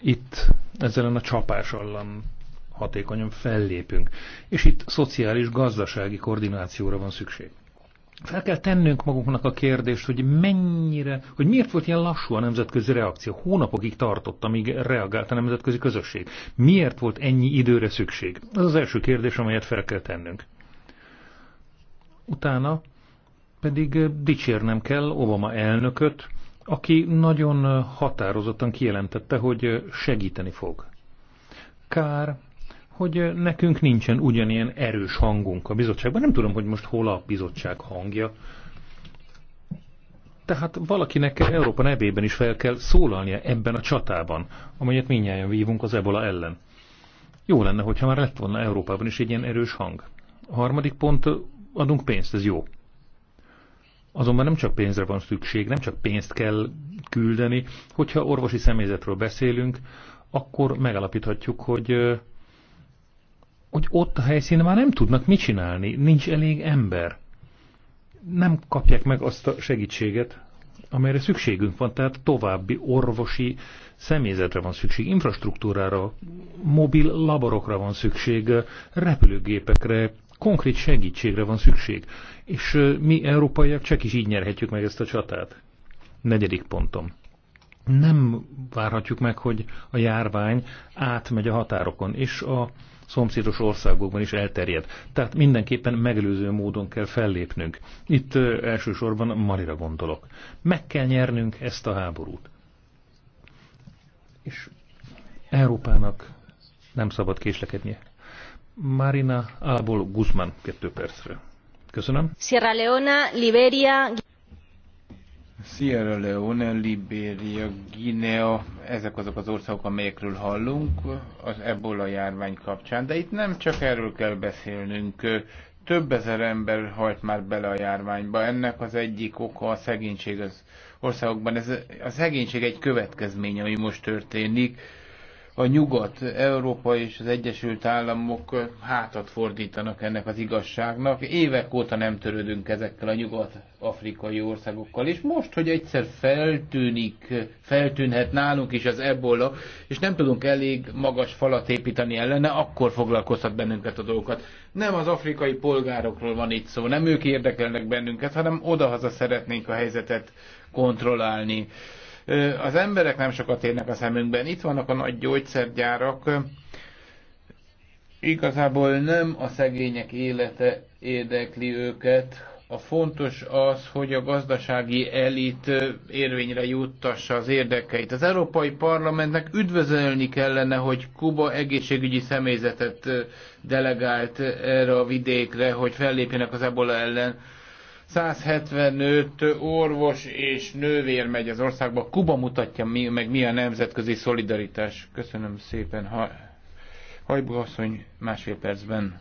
itt ezzel a csapás allan hatékonyan fellépünk. És itt szociális-gazdasági koordinációra van szükség fel kell tennünk magunknak a kérdést, hogy mennyire, hogy miért volt ilyen lassú a nemzetközi reakció? Hónapokig tartott, amíg reagált a nemzetközi közösség. Miért volt ennyi időre szükség? Ez az első kérdés, amelyet fel kell tennünk. Utána pedig dicsérnem kell Obama elnököt, aki nagyon határozottan kijelentette, hogy segíteni fog. Kár, hogy nekünk nincsen ugyanilyen erős hangunk a bizottságban. Nem tudom, hogy most hol a bizottság hangja. Tehát valakinek Európa nevében is fel kell szólalnia ebben a csatában, amelyet minnyáján vívunk az ebola ellen. Jó lenne, hogyha már lett volna Európában is egy ilyen erős hang. A harmadik pont, adunk pénzt, ez jó. Azonban nem csak pénzre van szükség, nem csak pénzt kell küldeni. Hogyha orvosi személyzetről beszélünk, akkor megalapíthatjuk, hogy hogy ott a helyszínen már nem tudnak mit csinálni, nincs elég ember. Nem kapják meg azt a segítséget, amelyre szükségünk van, tehát további orvosi személyzetre van szükség, infrastruktúrára, mobil laborokra van szükség, repülőgépekre, konkrét segítségre van szükség. És mi európaiak csak is így nyerhetjük meg ezt a csatát. Negyedik pontom. Nem várhatjuk meg, hogy a járvány átmegy a határokon, és a szomszédos országokban is elterjed. Tehát mindenképpen megelőző módon kell fellépnünk. Itt elsősorban Marira gondolok. Meg kell nyernünk ezt a háborút. És Európának nem szabad késlekednie. Marina Ából Guzmán, kettő percre. Köszönöm. Sierra Leona, Liberia... Sierra Leone, Libéria, Guinea, ezek azok az országok, amelyekről hallunk az ebola járvány kapcsán. De itt nem csak erről kell beszélnünk. Több ezer ember halt már bele a járványba. Ennek az egyik oka a szegénység az országokban. Ez, a szegénység egy következménye, ami most történik a nyugat, Európa és az Egyesült Államok hátat fordítanak ennek az igazságnak. Évek óta nem törődünk ezekkel a nyugat-afrikai országokkal, és most, hogy egyszer feltűnik, feltűnhet nálunk is az ebola, és nem tudunk elég magas falat építeni ellene, akkor foglalkoztat bennünket a dolgokat. Nem az afrikai polgárokról van itt szó, nem ők érdekelnek bennünket, hanem odahaza szeretnénk a helyzetet kontrollálni az emberek nem sokat érnek a szemünkben. Itt vannak a nagy gyógyszergyárak, igazából nem a szegények élete érdekli őket. A fontos az, hogy a gazdasági elit érvényre juttassa az érdekeit. Az Európai Parlamentnek üdvözölni kellene, hogy Kuba egészségügyi személyzetet delegált erre a vidékre, hogy fellépjenek az ebola ellen. 175 orvos és nővér megy az országba. Kuba mutatja mi, meg mi a nemzetközi szolidaritás. Köszönöm szépen. Ha, Hajbú asszony másfél percben.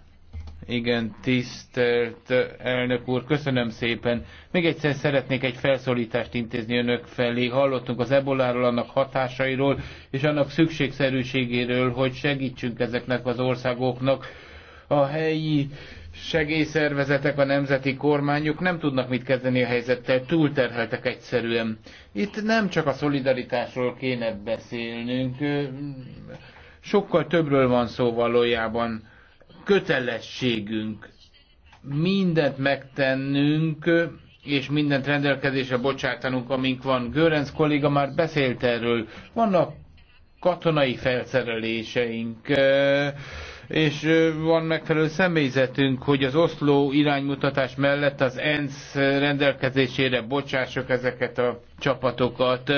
Igen, tisztelt elnök úr, köszönöm szépen. Még egyszer szeretnék egy felszólítást intézni önök felé. Hallottunk az Ebola-ról annak hatásairól, és annak szükségszerűségéről, hogy segítsünk ezeknek az országoknak a helyi segélyszervezetek, a nemzeti kormányok nem tudnak mit kezdeni a helyzettel, túlterheltek egyszerűen. Itt nem csak a szolidaritásról kéne beszélnünk, sokkal többről van szó valójában. Kötelességünk mindent megtennünk, és mindent rendelkezésre bocsátanunk, amink van. Görenc kolléga már beszélt erről. Vannak katonai felszereléseink, és van megfelelő személyzetünk, hogy az oszló iránymutatás mellett az ENSZ rendelkezésére bocsássuk ezeket a csapatokat.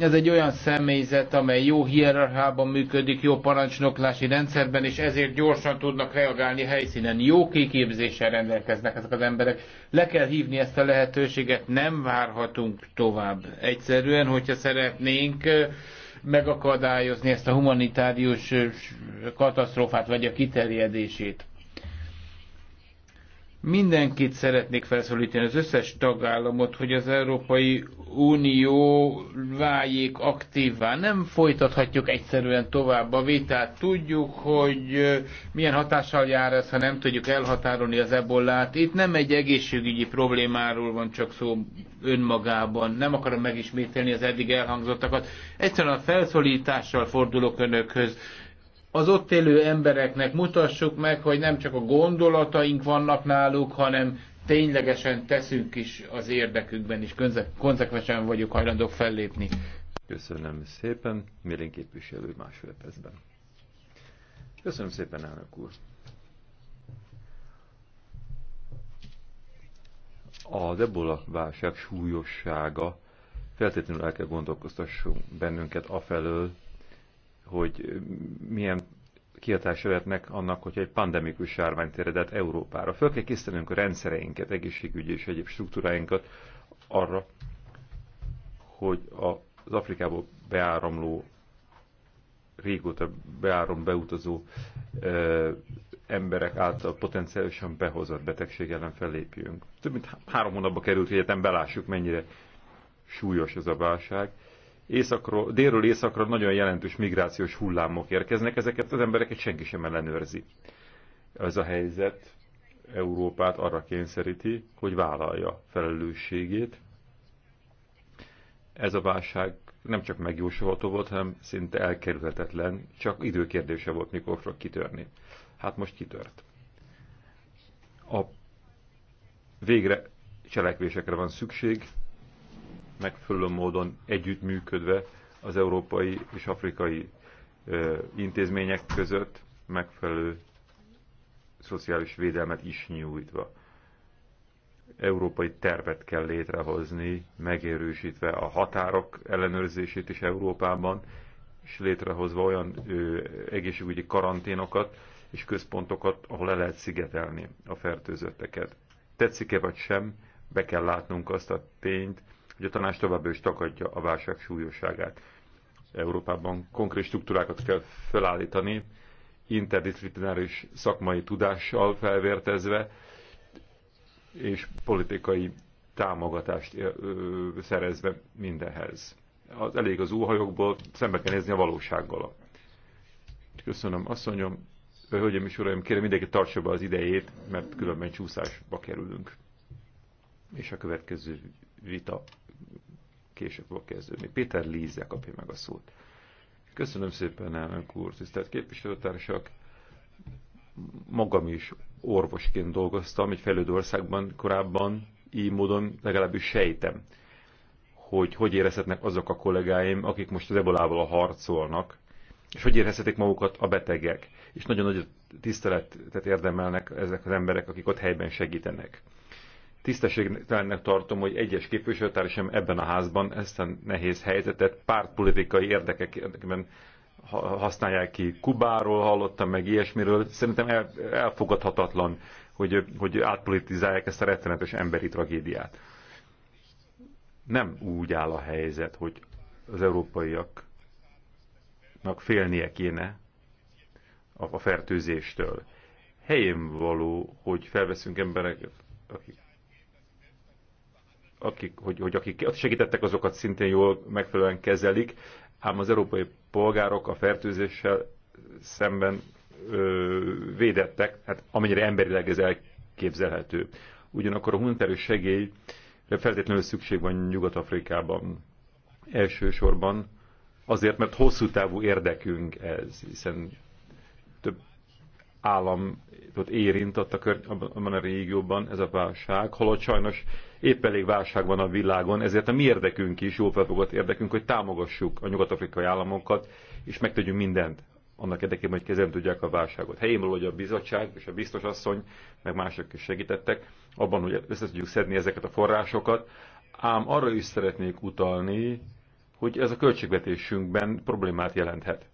Ez egy olyan személyzet, amely jó hierarchában működik, jó parancsnoklási rendszerben, és ezért gyorsan tudnak reagálni helyszínen. Jó kiképzéssel rendelkeznek ezek az emberek. Le kell hívni ezt a lehetőséget, nem várhatunk tovább. Egyszerűen, hogyha szeretnénk megakadályozni ezt a humanitárius katasztrófát, vagy a kiterjedését. Mindenkit szeretnék felszólítani, az összes tagállamot, hogy az Európai Unió váljék aktívvá. Nem folytathatjuk egyszerűen tovább a vitát. Tudjuk, hogy milyen hatással jár ez, ha nem tudjuk elhatárolni az ebollát. Itt nem egy egészségügyi problémáról van csak szó önmagában. Nem akarom megismételni az eddig elhangzottakat. Egyszerűen a felszólítással fordulok önökhöz az ott élő embereknek mutassuk meg, hogy nem csak a gondolataink vannak náluk, hanem ténylegesen teszünk is az érdekükben, és konzekvensen vagyok hajlandók fellépni. Köszönöm szépen, Milén képviselő másfél percben. Köszönöm szépen, elnök úr. A Debola válság súlyossága feltétlenül el kell gondolkoztassunk bennünket afelől, hogy milyen kiadása lehetnek annak, hogy egy pandemikus járvány terjedett Európára. Föl kell készítenünk a rendszereinket, egészségügyi és egyéb struktúráinkat arra, hogy az Afrikából beáramló, régóta beáram beutazó ö, emberek által potenciálisan behozott betegség ellen fellépjünk. Több mint három hónapba került, hogy egyetem belássuk, mennyire súlyos ez a válság, északról, délről északra nagyon jelentős migrációs hullámok érkeznek, ezeket az embereket senki sem ellenőrzi. Ez a helyzet Európát arra kényszeríti, hogy vállalja felelősségét. Ez a válság nem csak megjósolható volt, hanem szinte elkerülhetetlen, csak időkérdése volt, mikor fog kitörni. Hát most kitört. A végre cselekvésekre van szükség, megfelelő módon együttműködve az európai és afrikai intézmények között megfelelő szociális védelmet is nyújtva. Európai tervet kell létrehozni, megérősítve a határok ellenőrzését is Európában, és létrehozva olyan ö, egészségügyi karanténokat és központokat, ahol le lehet szigetelni a fertőzötteket. Tetszik-e vagy sem, be kell látnunk azt a tényt, hogy a tanács továbbra is tagadja a válság súlyosságát. Európában konkrét struktúrákat kell felállítani, interdisziplináris szakmai tudással felvértezve, és politikai támogatást szerezve mindenhez. Az elég az óhajokból, szembe kell nézni a valósággal. Köszönöm, asszonyom. Hölgyeim és uraim, kérem mindenki tartsa be az idejét, mert különben csúszásba kerülünk. És a következő vita később fog kezdődni. Péter Líze kapja meg a szót. Köszönöm szépen, elnök úr, tisztelt képviselőtársak! Magam is orvosként dolgoztam egy fejlődő országban korábban, így módon legalábbis sejtem, hogy hogy érezhetnek azok a kollégáim, akik most az ebolával harcolnak, és hogy érezhetik magukat a betegek. És nagyon nagy tiszteletet érdemelnek ezek az emberek, akik ott helyben segítenek tisztességtelennek tartom, hogy egyes képviselőtársam ebben a házban ezt a nehéz helyzetet pártpolitikai érdekek érdekében használják ki. Kubáról hallottam meg ilyesmiről. Szerintem el, elfogadhatatlan, hogy, hogy átpolitizálják ezt a rettenetes emberi tragédiát. Nem úgy áll a helyzet, hogy az európaiaknak félnie kéne a fertőzéstől. Helyén való, hogy felveszünk embereket, akik akik, hogy, hogy akik segítettek, azokat szintén jól megfelelően kezelik, ám az európai polgárok a fertőzéssel szemben ö, védettek, hát amennyire emberileg ez elképzelhető. Ugyanakkor a humanitárű segély feltétlenül szükség van Nyugat-Afrikában. Elsősorban azért, mert hosszú távú érdekünk ez, hiszen állam érint ott a kör, abban a régióban ez a válság, holott sajnos épp elég válság van a világon, ezért a mi érdekünk is, jó felfogott érdekünk, hogy támogassuk a nyugat-afrikai államokat, és megtegyünk mindent annak érdekében, hogy kezem tudják a válságot. való, hogy a bizottság és a biztos asszony, meg mások is segítettek abban, hogy össze tudjuk szedni ezeket a forrásokat, ám arra is szeretnék utalni, hogy ez a költségvetésünkben problémát jelenthet.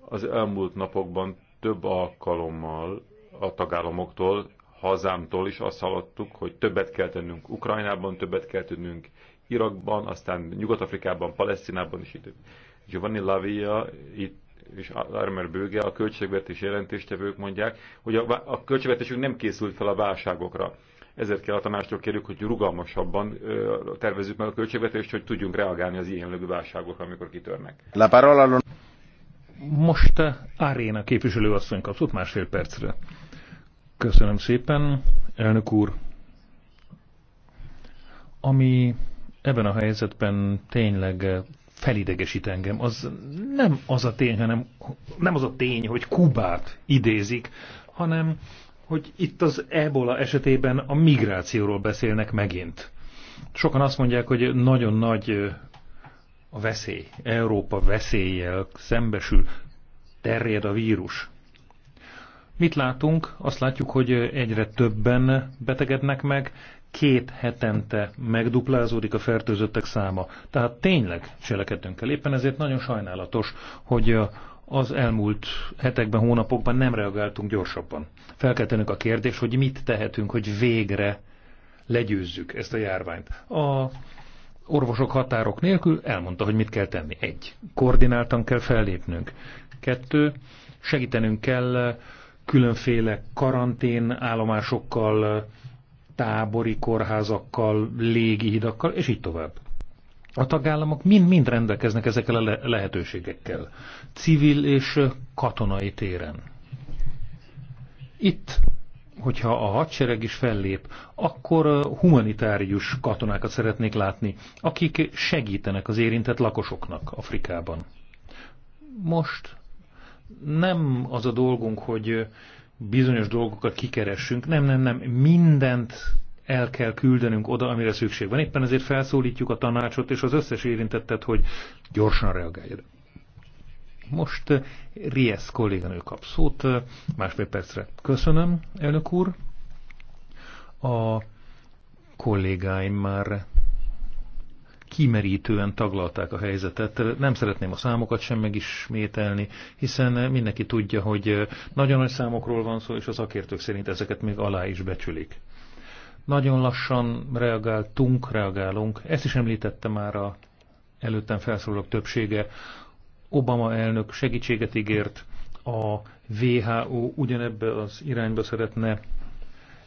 Az elmúlt napokban több alkalommal a tagállamoktól, hazámtól is azt hallottuk, hogy többet kell tennünk Ukrajnában, többet kell tennünk Irakban, aztán Nyugat-Afrikában, Palesztinában is itt. Giovanni Lavia itt és Armer Bőge, a költségvetés jelentéstevők mondják, hogy a, a költségvetésünk nem készült fel a válságokra. Ezért kell a tanástól kérjük, hogy rugalmasabban ö, tervezzük meg a költségvetést, hogy tudjunk reagálni az ilyen jellegű válságokra, amikor kitörnek. La parola... Most eh, Aréna képviselőasszony kapszott másfél percre. Köszönöm szépen, elnök úr. Ami ebben a helyzetben tényleg eh, felidegesít engem, az nem az a tény, hanem nem az a tény, hogy Kubát idézik, hanem hogy itt az ebola esetében a migrációról beszélnek megint. Sokan azt mondják, hogy nagyon nagy eh, a veszély, Európa veszéllyel szembesül, terjed a vírus. Mit látunk? Azt látjuk, hogy egyre többen betegednek meg, két hetente megduplázódik a fertőzöttek száma. Tehát tényleg cselekedtünk el. Éppen ezért nagyon sajnálatos, hogy az elmúlt hetekben, hónapokban nem reagáltunk gyorsabban. Fel kell tennünk a kérdés, hogy mit tehetünk, hogy végre legyőzzük ezt a járványt. A orvosok határok nélkül elmondta, hogy mit kell tenni. Egy, koordináltan kell fellépnünk. Kettő, segítenünk kell különféle karantén állomásokkal, tábori kórházakkal, légihidakkal, és így tovább. A tagállamok mind-mind rendelkeznek ezekkel a lehetőségekkel, civil és katonai téren. Itt hogyha a hadsereg is fellép, akkor humanitárius katonákat szeretnék látni, akik segítenek az érintett lakosoknak Afrikában. Most nem az a dolgunk, hogy bizonyos dolgokat kikeressünk, nem, nem, nem, mindent el kell küldenünk oda, amire szükség van. Éppen ezért felszólítjuk a tanácsot és az összes érintettet, hogy gyorsan reagáljanak. Most eh, Riesz kolléganő kap szót, eh, másfél percre. Köszönöm, elnök úr. A kollégáim már kimerítően taglalták a helyzetet. Eh, nem szeretném a számokat sem megismételni, hiszen mindenki tudja, hogy nagyon nagy számokról van szó, és a szakértők szerint ezeket még alá is becsülik. Nagyon lassan reagáltunk, reagálunk. Ezt is említette már a előttem felszólalók többsége, Obama elnök segítséget ígért, a WHO ugyanebbe az irányba szeretne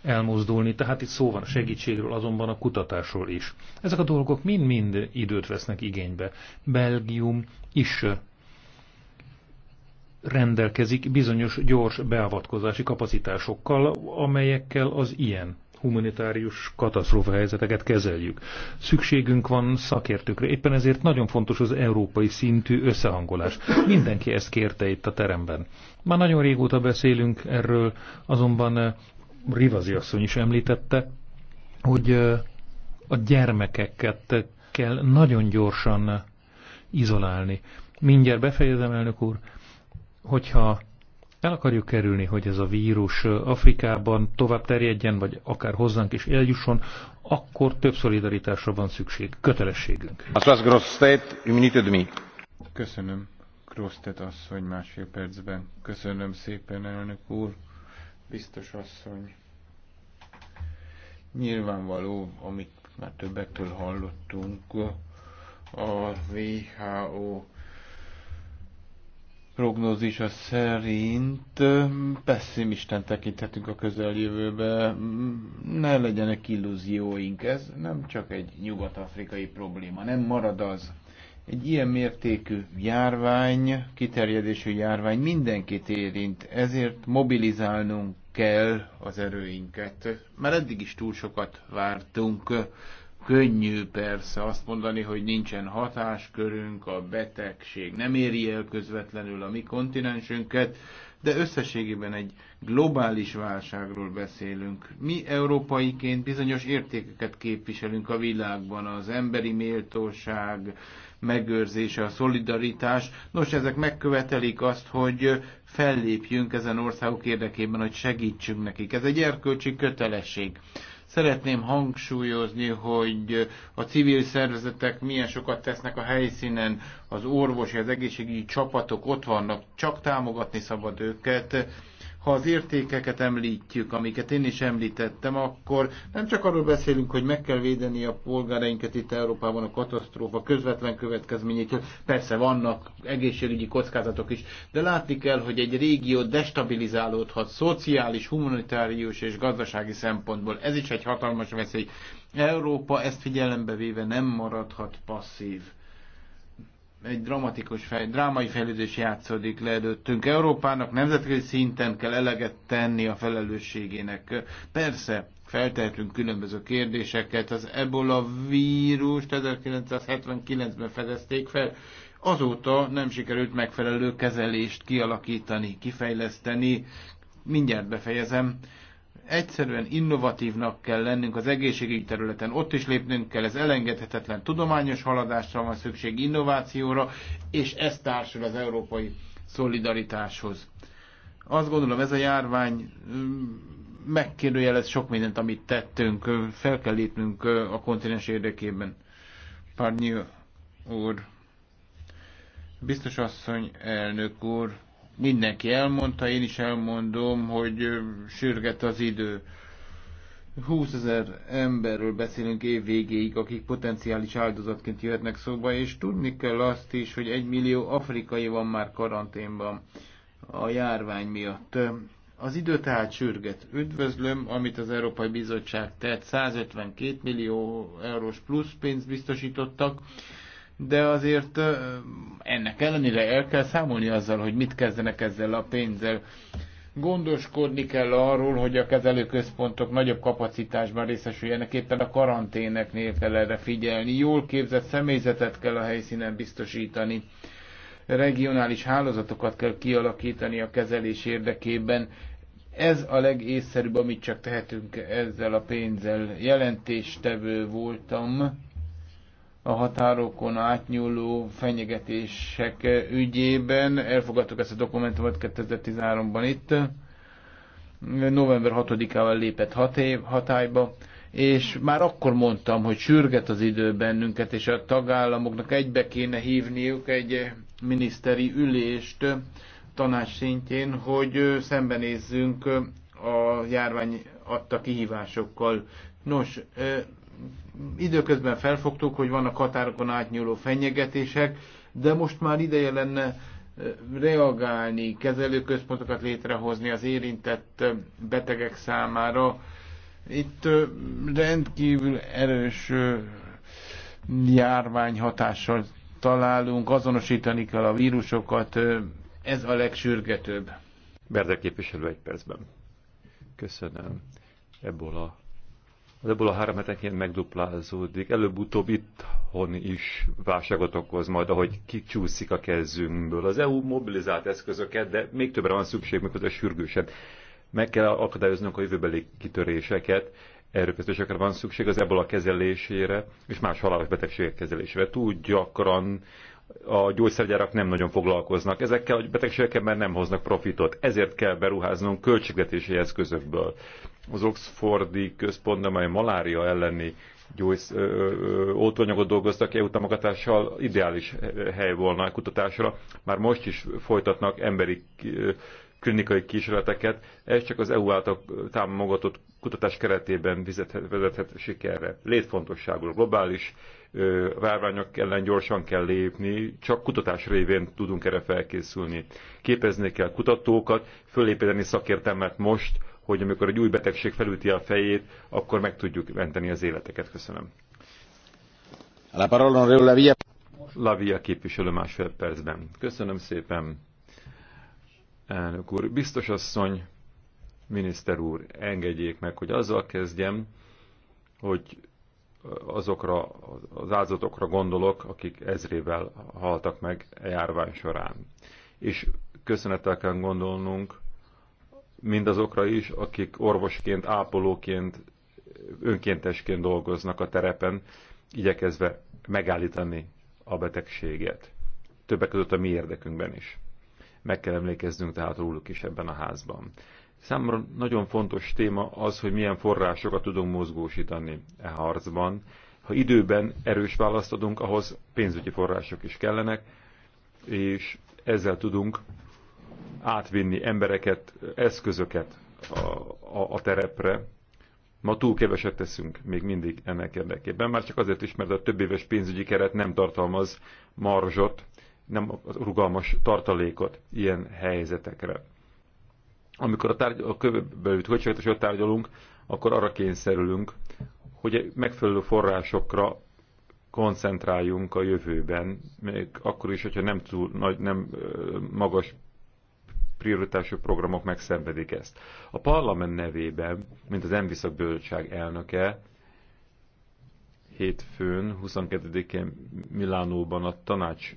elmozdulni, tehát itt szó van a segítségről, azonban a kutatásról is. Ezek a dolgok mind-mind időt vesznek igénybe. Belgium is rendelkezik bizonyos gyors beavatkozási kapacitásokkal, amelyekkel az ilyen humanitárius katasztrófa helyzeteket kezeljük. Szükségünk van szakértőkre, éppen ezért nagyon fontos az európai szintű összehangolás. Mindenki ezt kérte itt a teremben. Már nagyon régóta beszélünk erről, azonban eh, Rivazi asszony is említette, hogy eh, a gyermekeket kell nagyon gyorsan eh, izolálni. Mindjárt befejezem, elnök úr, hogyha el akarjuk kerülni, hogy ez a vírus Afrikában tovább terjedjen, vagy akár hozzánk is eljusson, akkor több szolidaritásra van szükség. Kötelességünk. Köszönöm. Krosztet asszony másfél percben. Köszönöm szépen, elnök úr. Biztos asszony. Nyilvánvaló, amit már többektől hallottunk, a WHO prognózisa szerint pessimisten tekinthetünk a közeljövőbe. Ne legyenek illúzióink, ez nem csak egy nyugat-afrikai probléma, nem marad az. Egy ilyen mértékű járvány, kiterjedésű járvány mindenkit érint, ezért mobilizálnunk kell az erőinket. Már eddig is túl sokat vártunk, Könnyű persze azt mondani, hogy nincsen hatáskörünk, a betegség nem éri el közvetlenül a mi kontinensünket, de összességében egy globális válságról beszélünk. Mi európaiként bizonyos értékeket képviselünk a világban, az emberi méltóság, megőrzése, a szolidaritás. Nos, ezek megkövetelik azt, hogy fellépjünk ezen országok érdekében, hogy segítsünk nekik. Ez egy erkölcsi kötelesség. Szeretném hangsúlyozni, hogy a civil szervezetek milyen sokat tesznek a helyszínen, az orvosi, az egészségügyi csapatok ott vannak, csak támogatni szabad őket ha az értékeket említjük, amiket én is említettem, akkor nem csak arról beszélünk, hogy meg kell védeni a polgárainkat itt Európában a katasztrófa közvetlen következményétől. Persze vannak egészségügyi kockázatok is, de látni kell, hogy egy régió destabilizálódhat szociális, humanitárius és gazdasági szempontból. Ez is egy hatalmas veszély. Európa ezt figyelembe véve nem maradhat passzív egy dramatikus, fej, drámai fejlődés játszódik le előttünk. Európának nemzetközi szinten kell eleget tenni a felelősségének. Persze, feltehetünk különböző kérdéseket. Az ebola vírust 1979-ben fedezték fel, azóta nem sikerült megfelelő kezelést kialakítani, kifejleszteni. Mindjárt befejezem. Egyszerűen innovatívnak kell lennünk az egészségügyi területen, ott is lépnünk kell, ez elengedhetetlen tudományos haladásra van szükség, innovációra, és ez társul az európai szolidaritáshoz. Azt gondolom, ez a járvány mm, megkérdőjelez sok mindent, amit tettünk, fel kell lépnünk a kontinens érdekében. Párnyi úr, biztos asszony, elnök úr, mindenki elmondta, én is elmondom, hogy sürget az idő. 20 ezer emberről beszélünk év végéig, akik potenciális áldozatként jöhetnek szóba, és tudni kell azt is, hogy egy millió afrikai van már karanténban a járvány miatt. Az idő tehát sürget. Üdvözlöm, amit az Európai Bizottság tett, 152 millió eurós plusz pénzt biztosítottak de azért ennek ellenére el kell számolni azzal, hogy mit kezdenek ezzel a pénzzel. Gondoskodni kell arról, hogy a kezelőközpontok nagyobb kapacitásban részesüljenek, éppen a karanténeknél kell erre figyelni, jól képzett személyzetet kell a helyszínen biztosítani, regionális hálózatokat kell kialakítani a kezelés érdekében, ez a legészszerűbb, amit csak tehetünk ezzel a pénzzel. Jelentéstevő voltam a határokon átnyúló fenyegetések ügyében. Elfogadtuk ezt a dokumentumot 2013-ban itt. November 6-ával lépett hat év hatályba, és már akkor mondtam, hogy sürget az idő bennünket, és a tagállamoknak egybe kéne hívniuk egy miniszteri ülést tanács szintjén, hogy szembenézzünk a járvány adta kihívásokkal. Nos, időközben felfogtuk, hogy vannak határokon átnyúló fenyegetések, de most már ideje lenne reagálni, kezelőközpontokat létrehozni az érintett betegek számára. Itt rendkívül erős járvány hatással találunk, azonosítani kell a vírusokat, ez a legsürgetőbb. Berde képviselő egy percben. Köszönöm. Ebola az ebből a három hetenként megduplázódik. Előbb-utóbb itthon is válságot okoz majd, ahogy kicsúszik a kezünkből. Az EU mobilizált eszközöket, de még többre van szükség, a sürgősen. Meg kell akadályoznunk a jövőbeli kitöréseket, erőfeszítésekre van szükség az ebből a kezelésére, és más halálos betegségek kezelésére. Túl gyakran a gyógyszergyárak nem nagyon foglalkoznak ezekkel a betegségekkel, mert nem hoznak profitot. Ezért kell beruháznunk költségvetési eszközökből az Oxfordi központ, amely malária elleni gyógysz, ö, ö, oltóanyagot dolgoztak EU támogatással, ideális hely volna a kutatásra. Már most is folytatnak emberi klinikai kísérleteket, ez csak az EU által támogatott kutatás keretében vezethet, vezethet sikerre. Létfontosságú globális várványok ellen gyorsan kell lépni, csak kutatás révén tudunk erre felkészülni. Képezni kell kutatókat, fölépíteni szakértelmet most, hogy amikor egy új betegség felüti a fejét, akkor meg tudjuk menteni az életeket. Köszönöm. La parola onorevole Lavia. Lavia képviselő másfél percben. Köszönöm szépen, elnök úr. Biztos asszony, miniszter úr, engedjék meg, hogy azzal kezdjem, hogy azokra az áldozatokra gondolok, akik ezrével haltak meg a járvány során. És köszönettel kell gondolnunk mindazokra is, akik orvosként, ápolóként, önkéntesként dolgoznak a terepen, igyekezve megállítani a betegséget. Többek között a mi érdekünkben is. Meg kell emlékeznünk tehát róluk is ebben a házban. Számomra nagyon fontos téma az, hogy milyen forrásokat tudunk mozgósítani e harcban. Ha időben erős választ adunk, ahhoz pénzügyi források is kellenek, és ezzel tudunk átvinni embereket, eszközöket a, a, a terepre. Ma túl keveset teszünk még mindig ennek érdekében, már csak azért is, mert a több éves pénzügyi keret nem tartalmaz marzsot, nem rugalmas tartalékot ilyen helyzetekre. Amikor a, tárgy, a kövőbelült költségvetésről tárgyalunk, akkor arra kényszerülünk, hogy megfelelő forrásokra koncentráljunk a jövőben, még akkor is, hogyha nem túl nagy, nem magas prioritású programok megszenvedik ezt. A parlament nevében, mint az Enviszak Bizottság elnöke, hétfőn, 22-én Milánóban a tanács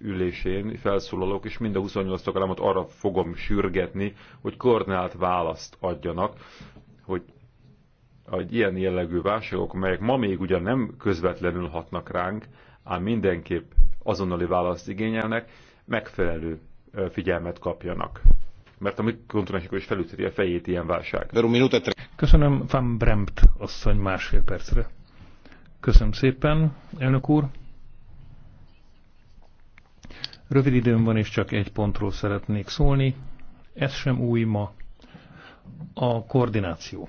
ülésén felszólalok, és mind a 28 tagállamot arra fogom sürgetni, hogy koordinált választ adjanak, hogy egy ilyen jellegű válságok, melyek ma még ugyan nem közvetlenül hatnak ránk, ám mindenképp azonnali választ igényelnek, megfelelő figyelmet kapjanak. Mert a mikrokontinensek is felütheti a fejét ilyen válság. E Köszönöm Van Bremt asszony másfél percre. Köszönöm szépen, elnök úr. Rövid időm van, és csak egy pontról szeretnék szólni. Ez sem új ma. A koordináció.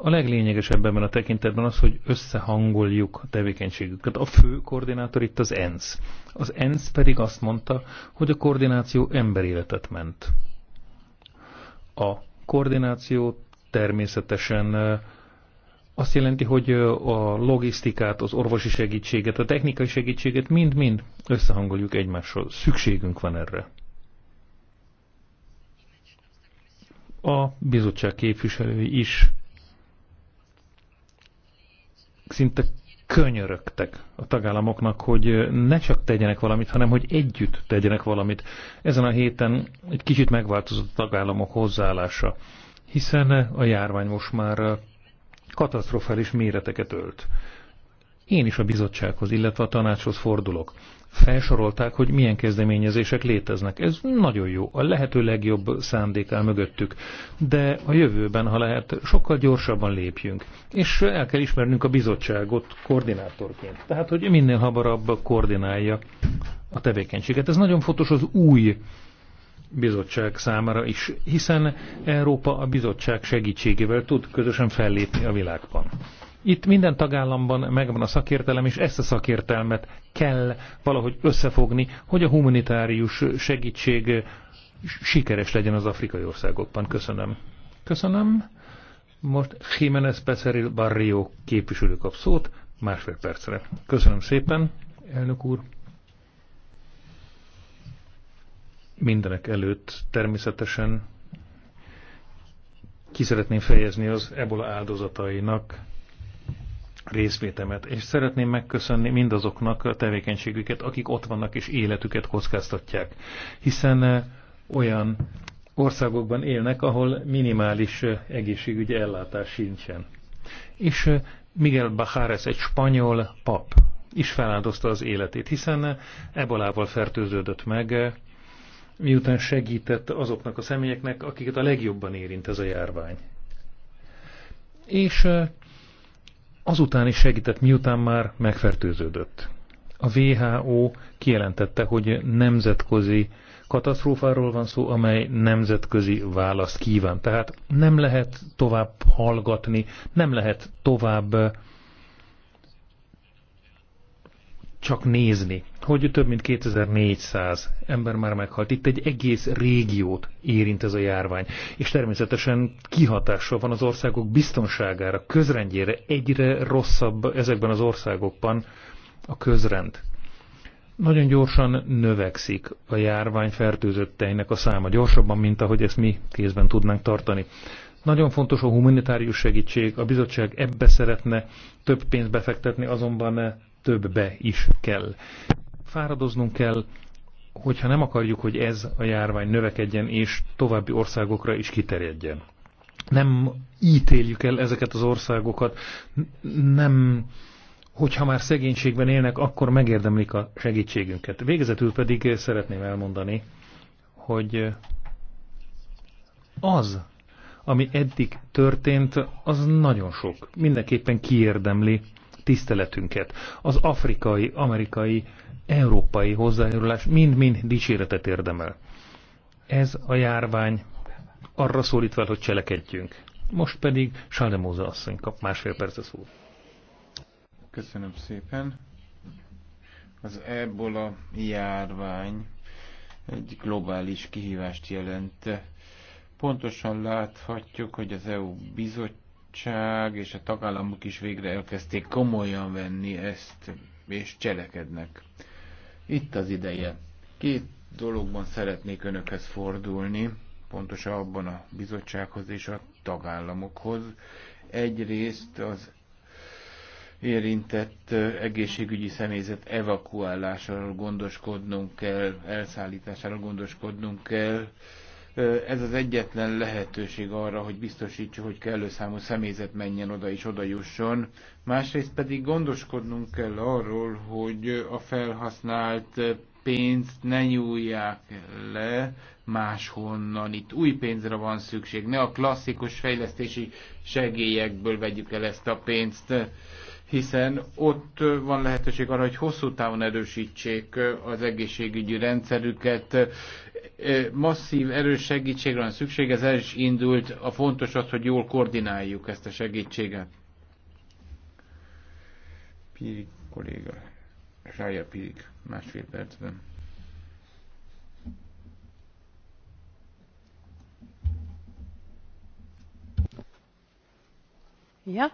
A leglényegesebb ebben a tekintetben az, hogy összehangoljuk a tevékenységüket. A fő koordinátor itt az ENSZ. Az ENSZ pedig azt mondta, hogy a koordináció emberéletet ment. A koordináció természetesen azt jelenti, hogy a logisztikát, az orvosi segítséget, a technikai segítséget mind-mind összehangoljuk egymással. Szükségünk van erre. A bizottság képviselői is szinte könyörögtek a tagállamoknak, hogy ne csak tegyenek valamit, hanem hogy együtt tegyenek valamit. Ezen a héten egy kicsit megváltozott a tagállamok hozzáállása, hiszen a járvány most már katasztrofális méreteket ölt. Én is a bizottsághoz, illetve a tanácshoz fordulok felsorolták, hogy milyen kezdeményezések léteznek. Ez nagyon jó, a lehető legjobb szándék el mögöttük, de a jövőben, ha lehet, sokkal gyorsabban lépjünk, és el kell ismernünk a bizottságot koordinátorként. Tehát, hogy minél hamarabb koordinálja a tevékenységet. Ez nagyon fontos az új bizottság számára is, hiszen Európa a bizottság segítségével tud közösen fellépni a világban. Itt minden tagállamban megvan a szakértelem, és ezt a szakértelmet kell valahogy összefogni, hogy a humanitárius segítség sikeres legyen az afrikai országokban. Köszönöm. Köszönöm. Most Jiménez Peceril Barrio képviselő kap szót, másfél percre. Köszönöm szépen, elnök úr. Mindenek előtt természetesen ki szeretném fejezni az ebola áldozatainak részvétemet, és szeretném megköszönni mindazoknak a tevékenységüket, akik ott vannak és életüket kockáztatják. Hiszen eh, olyan országokban élnek, ahol minimális eh, egészségügyi ellátás sincsen. És eh, Miguel Bajares, egy spanyol pap is feláldozta az életét, hiszen ebolával fertőződött meg, miután segített azoknak a személyeknek, akiket a legjobban érint ez a járvány. És azután is segített, miután már megfertőződött. A WHO kijelentette, hogy nemzetközi katasztrófáról van szó, amely nemzetközi választ kíván. Tehát nem lehet tovább hallgatni, nem lehet tovább csak nézni, hogy több mint 2400 ember már meghalt. Itt egy egész régiót érint ez a járvány, és természetesen kihatással van az országok biztonságára, közrendjére. Egyre rosszabb ezekben az országokban a közrend. Nagyon gyorsan növekszik a járvány fertőzötteinek a száma, gyorsabban, mint ahogy ezt mi kézben tudnánk tartani. Nagyon fontos a humanitárius segítség, a bizottság ebbe szeretne több pénzt befektetni, azonban többbe is kell. Fáradoznunk kell, hogyha nem akarjuk, hogy ez a járvány növekedjen és további országokra is kiterjedjen. Nem ítéljük el ezeket az országokat, nem, hogyha már szegénységben élnek, akkor megérdemlik a segítségünket. Végezetül pedig szeretném elmondani, hogy az, ami eddig történt, az nagyon sok. Mindenképpen kiérdemli tiszteletünket. Az afrikai, amerikai, európai hozzájárulás mind-mind dicséretet érdemel. Ez a járvány arra szólít fel, hogy cselekedjünk. Most pedig Saldemóza asszony kap másfél percet szó. Köszönöm szépen. Az ebola járvány egy globális kihívást jelent. Pontosan láthatjuk, hogy az EU bizottság bizottság és a tagállamok is végre elkezdték komolyan venni ezt, és cselekednek. Itt az ideje. Két dologban szeretnék önökhez fordulni, pontosabban a bizottsághoz és a tagállamokhoz. Egyrészt az érintett egészségügyi személyzet evakuálásáról gondoskodnunk kell, elszállításáról gondoskodnunk kell, ez az egyetlen lehetőség arra, hogy biztosítsuk, hogy kellő számú személyzet menjen oda és oda jusson. Másrészt pedig gondoskodnunk kell arról, hogy a felhasznált pénzt ne nyúlják le máshonnan. Itt új pénzre van szükség. Ne a klasszikus fejlesztési segélyekből vegyük el ezt a pénzt, hiszen ott van lehetőség arra, hogy hosszú távon erősítsék az egészségügyi rendszerüket, masszív, erős segítségre van szükség, ez el is indult. A fontos az, hogy jól koordináljuk ezt a segítséget. Pirik kolléga, Zsája Pirik, másfél percben. Ja?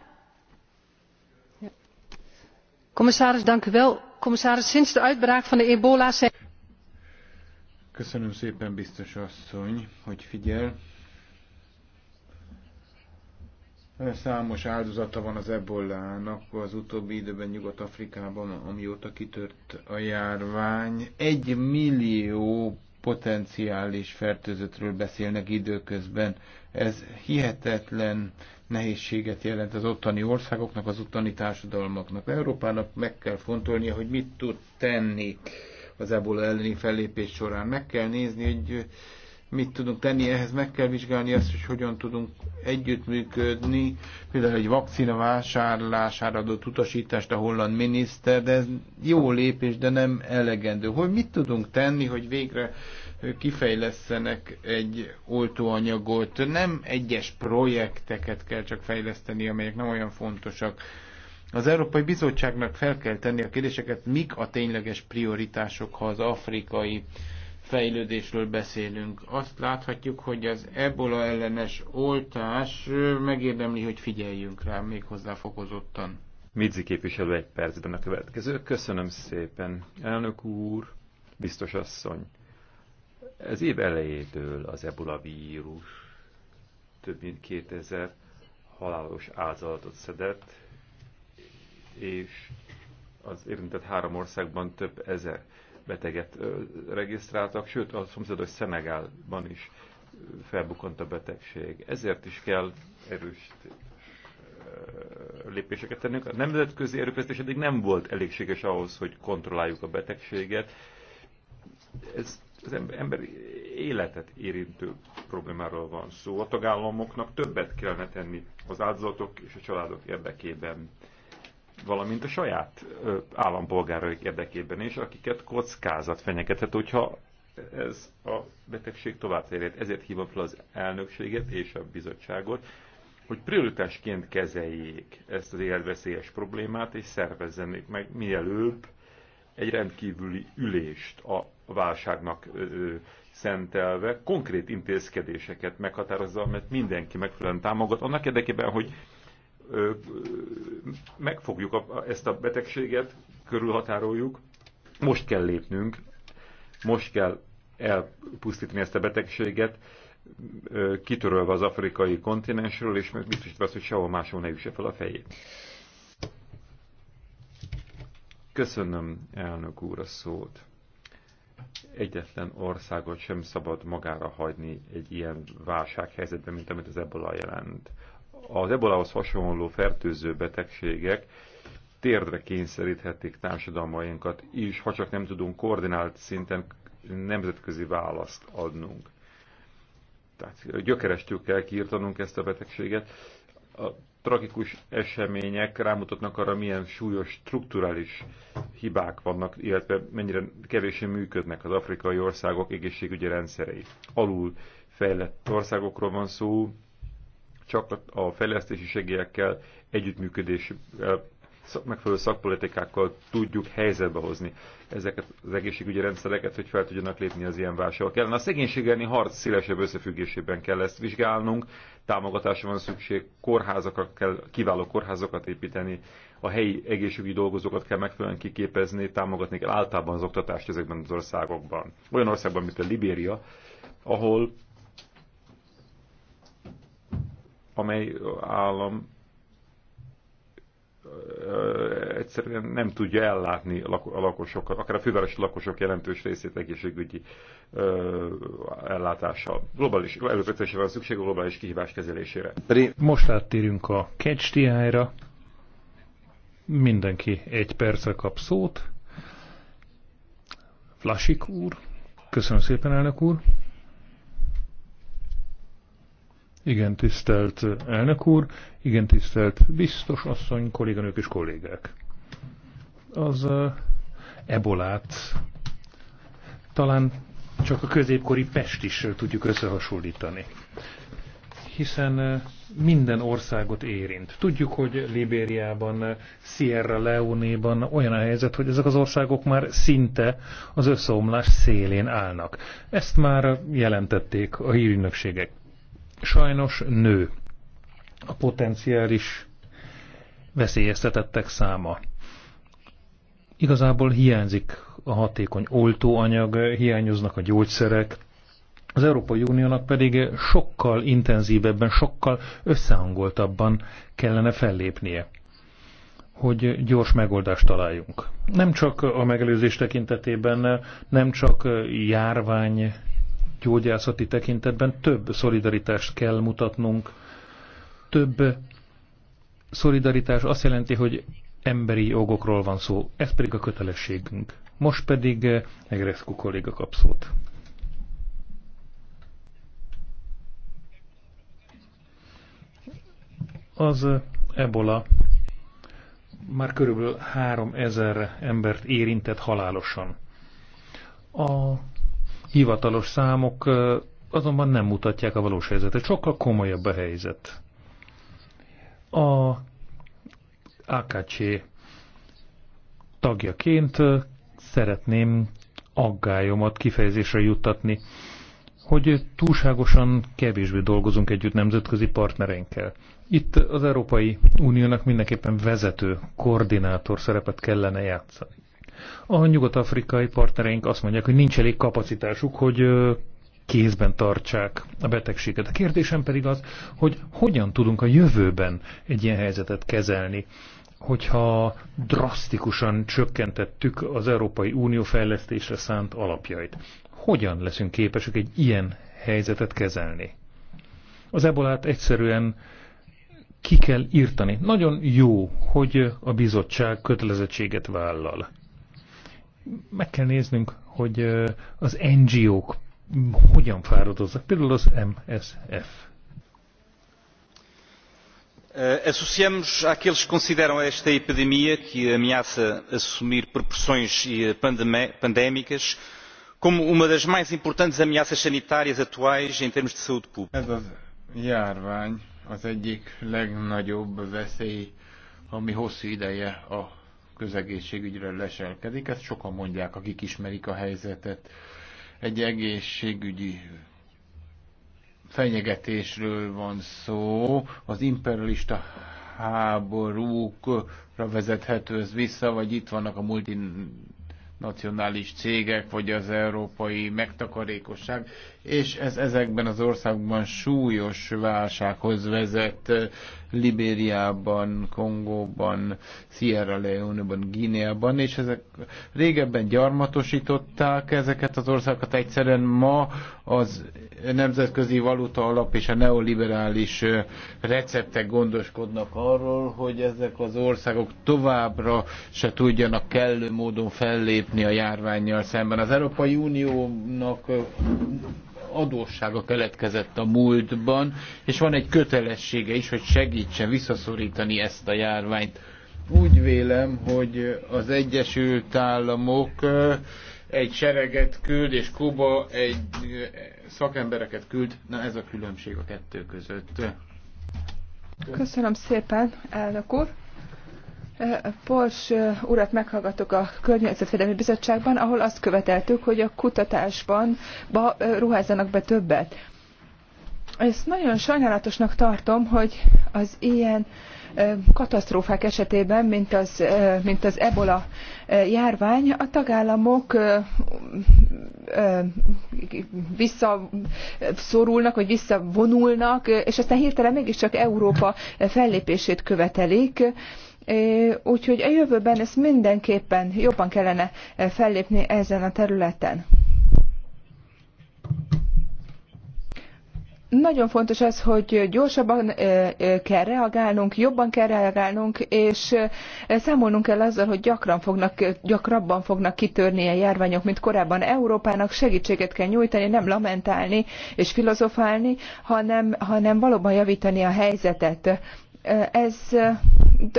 ja. Commissaris, dank u wel. Commissaris, sinds de uitbraak van de ebola zijn... Köszönöm szépen, biztos asszony, hogy figyel. Számos áldozata van az ebollának az utóbbi időben Nyugat-Afrikában, amióta kitört a járvány. Egy millió potenciális fertőzöttről beszélnek időközben. Ez hihetetlen nehézséget jelent az ottani országoknak, az ottani társadalmaknak. Európának meg kell fontolnia, hogy mit tud tenni az ebola elleni fellépés során. Meg kell nézni, hogy mit tudunk tenni, ehhez meg kell vizsgálni azt, hogy hogyan tudunk együttműködni, például egy vakcina vásárlására adott utasítást a holland miniszter, de ez jó lépés, de nem elegendő. Hogy mit tudunk tenni, hogy végre kifejlesztenek egy oltóanyagot, nem egyes projekteket kell csak fejleszteni, amelyek nem olyan fontosak, az Európai Bizottságnak fel kell tenni a kérdéseket, mik a tényleges prioritások, ha az afrikai fejlődésről beszélünk. Azt láthatjuk, hogy az ebola ellenes oltás megérdemli, hogy figyeljünk rá még hozzá fokozottan. Midzi képviselő egy percben a következő. Köszönöm szépen, elnök úr, biztos asszony. Ez év elejétől az ebola vírus több mint 2000 halálos áldozatot szedett, és az érintett három országban több ezer beteget regisztráltak, sőt a szomszédos Szenegálban is felbukant a betegség. Ezért is kell erős lépéseket tennünk. A nemzetközi erőfeszítés eddig nem volt elégséges ahhoz, hogy kontrolláljuk a betegséget. Ez az emberi életet érintő problémáról van szó. A tagállamoknak többet kellene tenni az áldozatok és a családok érdekében valamint a saját állampolgárai érdekében is, akiket kockázat fenyegethet, hogyha ez a betegség tovább terjed. Ezért hívom fel az elnökséget és a bizottságot, hogy prioritásként kezeljék ezt az életveszélyes problémát, és szervezzenek meg mielőbb egy rendkívüli ülést a válságnak szentelve, konkrét intézkedéseket meghatározza, mert mindenki megfelelően támogat, annak érdekében, hogy megfogjuk a, ezt a betegséget, körülhatároljuk, most kell lépnünk, most kell elpusztítani ezt a betegséget, kitörölve az afrikai kontinensről, és biztosítva azt, hogy sehol máshol ne üsse fel a fejét. Köszönöm, elnök úr, a szót. Egyetlen országot sem szabad magára hagyni egy ilyen válsághelyzetben, mint amit az ebola jelent az ebolához hasonló fertőző betegségek térdre kényszeríthetik társadalmainkat is, ha csak nem tudunk koordinált szinten nemzetközi választ adnunk. Tehát gyökerestül kell kiirtanunk ezt a betegséget. A tragikus események rámutatnak arra, milyen súlyos strukturális hibák vannak, illetve mennyire kevésen működnek az afrikai országok egészségügyi rendszerei. Alul fejlett országokról van szó, csak a fejlesztési segélyekkel, együttműködési megfelelő szakpolitikákkal tudjuk helyzetbe hozni ezeket az egészségügyi rendszereket, hogy fel tudjanak lépni az ilyen válságok ellen. A szegénység elleni harc szélesebb összefüggésében kell ezt vizsgálnunk, támogatásra van szükség, kórházakat kell kiváló kórházakat építeni, a helyi egészségügyi dolgozókat kell megfelelően kiképezni, támogatni kell általában az oktatást ezekben az országokban. Olyan országban, mint a Libéria, ahol amely állam egyszerűen nem tudja ellátni a lakosokat, akár a fővárosi lakosok jelentős részét egészségügyi ellátással. Globális, előbb van szükség a globális kihívás kezelésére. Most áttérünk a catch ra Mindenki egy percre kap szót. Flasik úr. Köszönöm szépen, elnök úr. Igen, tisztelt elnök úr, igen, tisztelt biztos asszony, kolléganők és kollégák. Az ebolát talán csak a középkori Pest is tudjuk összehasonlítani. Hiszen minden országot érint. Tudjuk, hogy Libériában, Sierra Leone-ban olyan a helyzet, hogy ezek az országok már szinte az összeomlás szélén állnak. Ezt már jelentették a hírügynökségek sajnos nő a potenciális veszélyeztetettek száma. Igazából hiányzik a hatékony oltóanyag, hiányoznak a gyógyszerek, az Európai Uniónak pedig sokkal intenzívebben, sokkal összehangoltabban kellene fellépnie, hogy gyors megoldást találjunk. Nem csak a megelőzés tekintetében, nem csak járvány gyógyászati tekintetben több szolidaritást kell mutatnunk. Több szolidaritás azt jelenti, hogy emberi jogokról van szó, ez pedig a kötelességünk. Most pedig eh, Egreszku kolléga kap szót. Az eh, ebola már körülbelül 3000 embert érintett halálosan. A hivatalos számok azonban nem mutatják a valós helyzetet. Sokkal komolyabb a helyzet. A AKC tagjaként szeretném aggályomat kifejezésre juttatni, hogy túlságosan kevésbé dolgozunk együtt nemzetközi partnereinkkel. Itt az Európai Uniónak mindenképpen vezető, koordinátor szerepet kellene játszani. A nyugat-afrikai partnereink azt mondják, hogy nincs elég kapacitásuk, hogy kézben tartsák a betegséget. A kérdésem pedig az, hogy hogyan tudunk a jövőben egy ilyen helyzetet kezelni, hogyha drasztikusan csökkentettük az Európai Unió fejlesztésre szánt alapjait. Hogyan leszünk képesek egy ilyen helyzetet kezelni? Az ebolát egyszerűen ki kell írtani. Nagyon jó, hogy a bizottság kötelezettséget vállal meg kell néznünk, hogy az NGO-k hogyan fáradoznak, például az MSF. Eh, associamos àqueles que consideram esta epidemia que ameaça assumir proporções eh, pandémicas como uma das mais importantes ameaças sanitárias atuais em termos de saúde pública. Ez az járvány az egyik legnagyobb veszély, ami hosszú ideje a közegészségügyre leselkedik, ezt sokan mondják, akik ismerik a helyzetet. Egy egészségügyi fenyegetésről van szó, az imperialista háborúkra vezethető ez vissza, vagy itt vannak a multinacionális cégek, vagy az európai megtakarékosság, és ez ezekben az országban súlyos válsághoz vezet. Libériában, Kongóban, Sierra Leone-ban, Guineában, és ezek régebben gyarmatosították ezeket az országokat egyszerűen ma az nemzetközi valuta alap és a neoliberális receptek gondoskodnak arról, hogy ezek az országok továbbra se tudjanak kellő módon fellépni a járványjal szemben. Az Európai Uniónak adóssága keletkezett a múltban, és van egy kötelessége is, hogy segítsen visszaszorítani ezt a járványt. Úgy vélem, hogy az Egyesült Államok egy sereget küld, és Kuba egy szakembereket küld. Na ez a különbség a kettő között. Köszönöm szépen, elnök úr. Pors urat meghallgatok a Környezetvédelmi Bizottságban, ahol azt követeltük, hogy a kutatásban ruházzanak be többet. Ezt nagyon sajnálatosnak tartom, hogy az ilyen katasztrófák esetében, mint az, mint az ebola járvány, a tagállamok visszaszorulnak, vagy visszavonulnak, és aztán hirtelen mégiscsak Európa fellépését követelik. Úgyhogy a jövőben ezt mindenképpen jobban kellene fellépni ezen a területen. Nagyon fontos az, hogy gyorsabban kell reagálnunk, jobban kell reagálnunk, és számolnunk kell azzal, hogy gyakran fognak, gyakrabban fognak kitörni a járványok, mint korábban Európának. Segítséget kell nyújtani, nem lamentálni és filozofálni, hanem, hanem valóban javítani a helyzetet. Ez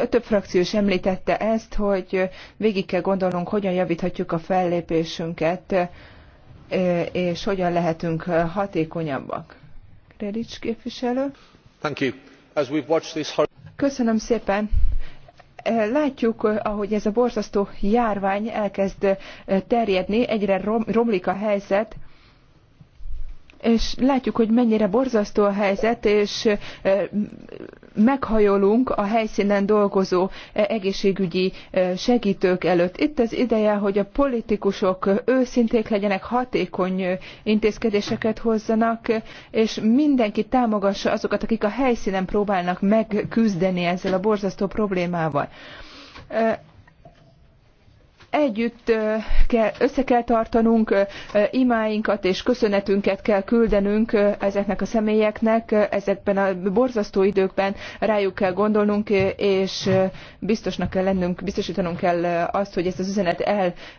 több frakció is említette ezt, hogy végig kell gondolnunk, hogyan javíthatjuk a fellépésünket, e, és hogyan lehetünk hatékonyabbak. Kredics képviselő. Thank you. As we've watched this... Köszönöm szépen e, látjuk, ahogy ez a borzasztó járvány elkezd e, terjedni, egyre romlik a helyzet, és látjuk, hogy mennyire borzasztó a helyzet, és meghajolunk a helyszínen dolgozó eh, egészségügyi eh, segítők előtt. Itt az ideje, hogy a politikusok őszinték legyenek, hatékony eh, intézkedéseket hozzanak, és mindenki támogassa azokat, akik a helyszínen próbálnak megküzdeni ezzel a borzasztó problémával együtt kell, össze kell tartanunk, imáinkat és köszönetünket kell küldenünk ezeknek a személyeknek, ezekben a borzasztó időkben rájuk kell gondolnunk, és biztosnak kell lennünk, biztosítanunk kell azt, hogy ezt az üzenet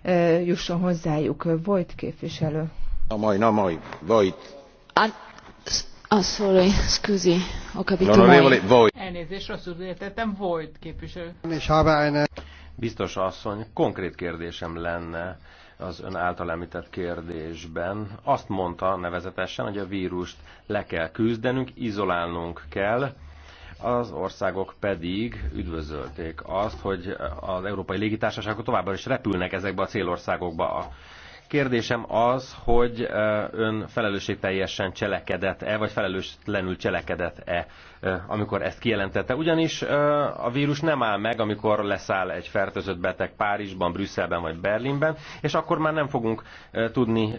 eljusson hozzájuk. Volt képviselő. Na majd, na majd, Vojt. Ah, sorry, scusi, ho capito Elnézést, rosszul értettem, Vojt képviselő. Biztos asszony, konkrét kérdésem lenne az ön által említett kérdésben. Azt mondta nevezetesen, hogy a vírust le kell küzdenünk, izolálnunk kell, az országok pedig üdvözölték azt, hogy az európai légitársaságok továbbra is repülnek ezekbe a célországokba. A kérdésem az, hogy ön felelősségteljesen cselekedett-e, vagy felelőslenül cselekedett-e Eh, amikor ezt kijelentette. Ugyanis eh, a vírus nem áll meg, amikor leszáll egy fertőzött beteg Párizsban, Brüsszelben vagy Berlinben, és akkor már nem fogunk eh, tudni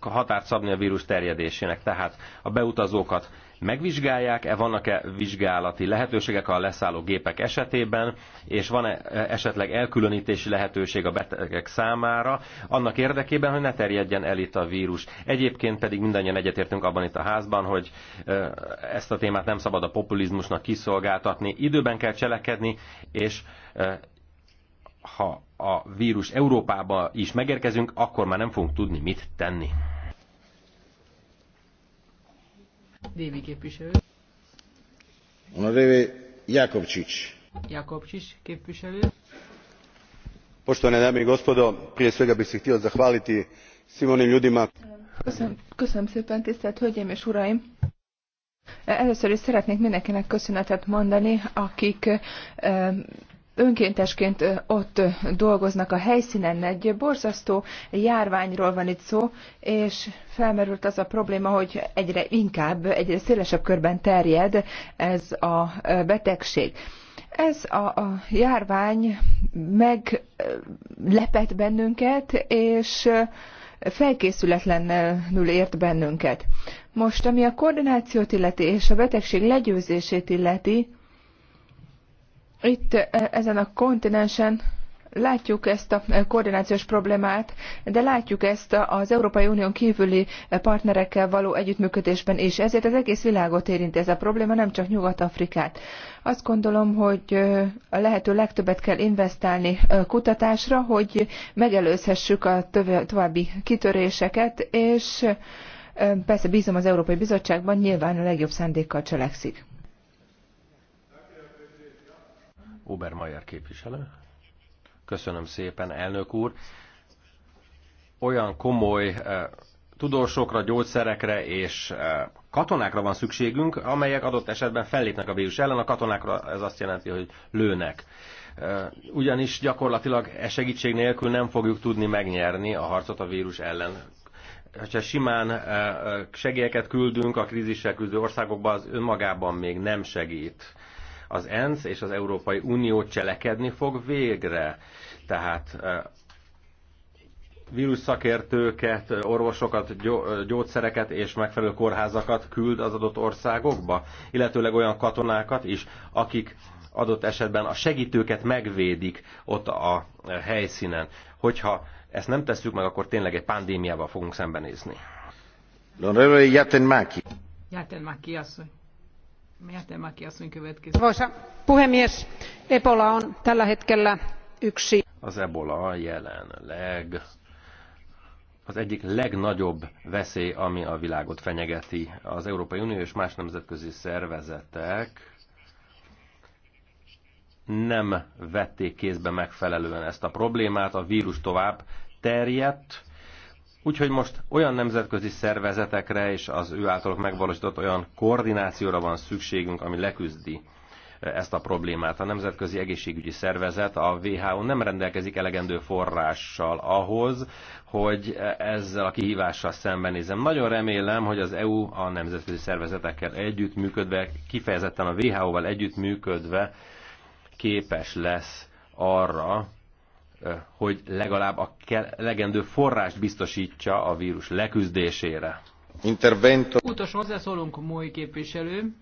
határt szabni a vírus terjedésének. Tehát a beutazókat megvizsgálják-e, vannak-e vizsgálati lehetőségek a leszálló gépek esetében, és van-e e, esetleg elkülönítési lehetőség a betegek számára, annak érdekében, hogy ne terjedjen el itt a vírus. Egyébként pedig mindannyian egyetértünk abban itt a házban, hogy e, ezt a témát nem szabad a populizmusnak kiszolgáltatni, időben kell cselekedni, és e, ha a vírus Európába is megérkezünk, akkor már nem fogunk tudni mit tenni. Dévi képviselő. Honoré Jakovcsics. Jakovcsics képviselő. Poštovane dame i gospodo, prije svega bih se htio zahvaliti svim onim ljudima. Köszönöm, szépen, tisztelt Hölgyeim és Uraim! Először is szeretnék mindenkinek köszönetet mondani, akik önkéntesként ott dolgoznak a helyszínen. Egy borzasztó járványról van itt szó, és felmerült az a probléma, hogy egyre inkább, egyre szélesebb körben terjed ez a betegség. Ez a, a járvány meglepett bennünket, és felkészületlenül ért bennünket. Most, ami a koordinációt illeti és a betegség legyőzését illeti, itt e, ezen a kontinensen látjuk ezt a e, koordinációs problémát, de látjuk ezt az Európai Unión kívüli e, partnerekkel való együttműködésben is. Ezért az egész világot érinti ez a probléma, nem csak Nyugat-Afrikát. Azt gondolom, hogy a lehető legtöbbet kell investálni kutatásra, hogy megelőzhessük a további kitöréseket, és persze bízom az Európai Bizottságban, nyilván a legjobb szándékkal cselekszik. Obermeier képviselő. Köszönöm szépen, elnök úr. Olyan komoly eh, tudósokra, gyógyszerekre és eh, katonákra van szükségünk, amelyek adott esetben fellépnek a vírus ellen. A katonákra ez azt jelenti, hogy lőnek. Eh, ugyanis gyakorlatilag e segítség nélkül nem fogjuk tudni megnyerni a harcot a vírus ellen Ha simán segélyeket küldünk a krízissel küzdő országokba, az önmagában még nem segít az ENSZ és az Európai Unió cselekedni fog végre. Tehát vírusszakértőket, orvosokat, gyógyszereket és megfelelő kórházakat küld az adott országokba, illetőleg olyan katonákat is, akik adott esetben a segítőket megvédik ott a helyszínen. Hogyha ezt nem tesszük meg, akkor tényleg egy pandémiával fogunk szembenézni. Jaten Máki. Jaten Máki asszony arvoisa puhemies ebola on tällä hetkellä yksi. az ebola jelenleg az egyik legnagyobb veszély, ami a világot fenyegeti. Az Európai Unió és más nemzetközi szervezetek nem vették kézbe megfelelően ezt a problémát, a vírus tovább terjedt, Úgyhogy most olyan nemzetközi szervezetekre és az ő általuk megvalósított olyan koordinációra van szükségünk, ami leküzdi e, ezt a problémát. A Nemzetközi Egészségügyi Szervezet, a WHO nem rendelkezik elegendő forrással ahhoz, hogy e, ezzel a kihívással szembenézem. Nagyon remélem, hogy az EU a nemzetközi szervezetekkel együttműködve, kifejezetten a WHO-val együttműködve képes lesz arra, hogy legalább a legendő forrást biztosítsa a vírus leküzdésére. Intervento. Utolsó hozzászólunk, Mói képviselő.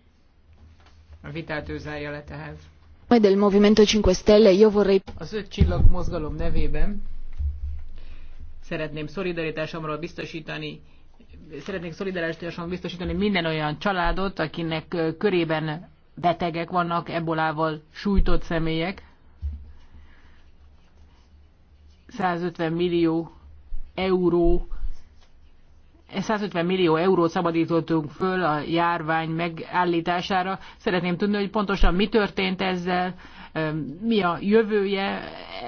A vitát ő zárja le tehát. Del Movimento 5 Stelle, io vorrei... Az öt csillag mozgalom nevében szeretném szolidaritásomról biztosítani szeretnék szolidaritáson biztosítani minden olyan családot, akinek körében betegek vannak, ebolával sújtott személyek. 150 millió euró 150 millió eurót szabadítottunk föl a járvány megállítására. Szeretném tudni, hogy pontosan mi történt ezzel, mi a jövője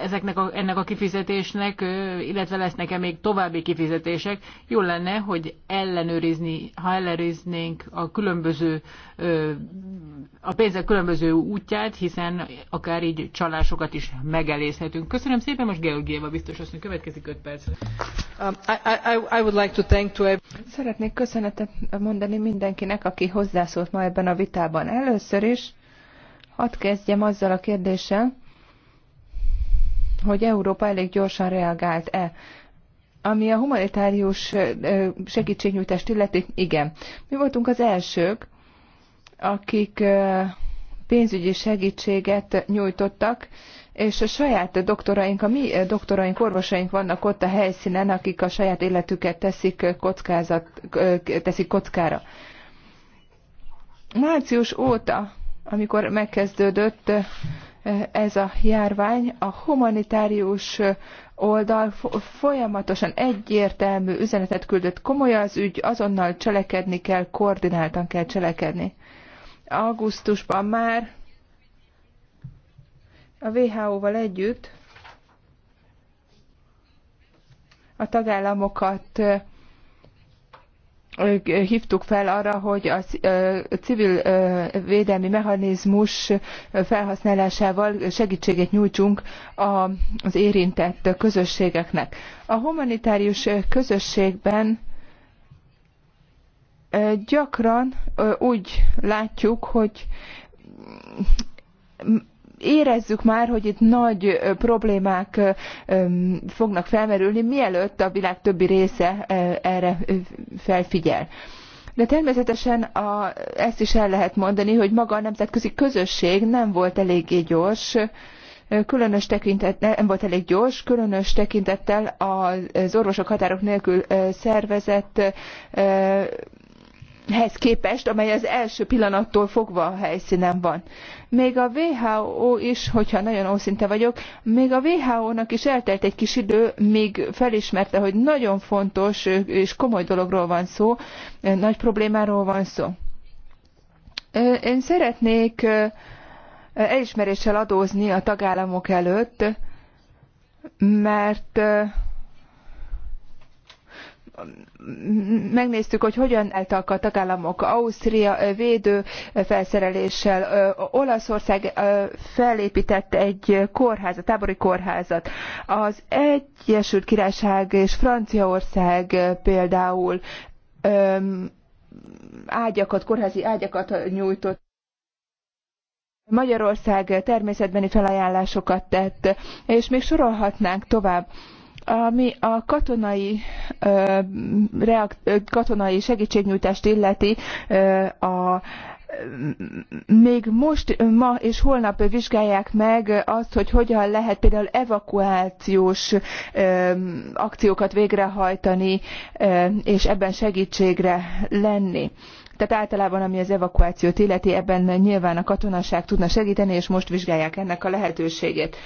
ezeknek a, ennek a kifizetésnek, illetve lesznek-e még további kifizetések. Jó lenne, hogy ellenőrizni, ha ellenőriznénk a különböző a pénzek különböző útját, hiszen akár így csalásokat is megelészhetünk. Köszönöm szépen, most Georgieva biztos azt mondja, következik 5 perc. Um, I, I, I would like to thank to Szeretnék köszönetet mondani mindenkinek, aki hozzászólt ma ebben a vitában először is Hadd kezdjem azzal a kérdéssel, hogy Európa elég gyorsan reagált-e. Ami a humanitárius segítségnyújtást illeti, igen. Mi voltunk az elsők, akik pénzügyi segítséget nyújtottak, és a saját doktoraink, a mi doktoraink, orvosaink vannak ott a helyszínen, akik a saját életüket teszik, kockázat, teszik kockára. Március óta amikor megkezdődött eh, ez a járvány, a humanitárius eh, oldal folyamatosan egyértelmű üzenetet küldött. Komoly az ügy, azonnal cselekedni kell, koordináltan kell cselekedni. Augusztusban már a WHO-val együtt a tagállamokat eh, hívtuk fel arra, hogy a civil védelmi mechanizmus felhasználásával segítséget nyújtsunk az érintett közösségeknek. A humanitárius közösségben gyakran úgy látjuk, hogy érezzük már, hogy itt nagy problémák fognak felmerülni, mielőtt a világ többi része erre felfigyel. De természetesen a, ezt is el lehet mondani, hogy maga a nemzetközi közösség nem volt eléggé gyors, különös tekintet, nem volt elég gyors, különös tekintettel az orvosok határok nélkül szervezett hez képest, amely az első pillanattól fogva a helyszínen van. Még a WHO is, hogyha nagyon őszinte vagyok, még a WHO-nak is eltelt egy kis idő, míg felismerte, hogy nagyon fontos és komoly dologról van szó, nagy problémáról van szó. Én szeretnék elismeréssel adózni a tagállamok előtt, mert megnéztük, hogy hogyan álltak a tagállamok Ausztria védőfelszereléssel. felszereléssel. Olaszország felépített egy kórházat, tábori kórházat. Az Egyesült Királyság és Franciaország például ágyakat, kórházi ágyakat nyújtott. Magyarország természetbeni felajánlásokat tett, és még sorolhatnánk tovább. Ami a katonai, ö, katonai segítségnyújtást illeti, a még most, ma és holnap vizsgálják meg azt, hogy hogyan lehet például evakuációs akciókat végrehajtani, és ebben segítségre lenni. Tehát általában, ami az evakuációt illeti, ebben nyilván a katonaság tudna segíteni, és most vizsgálják ennek a lehetőségét.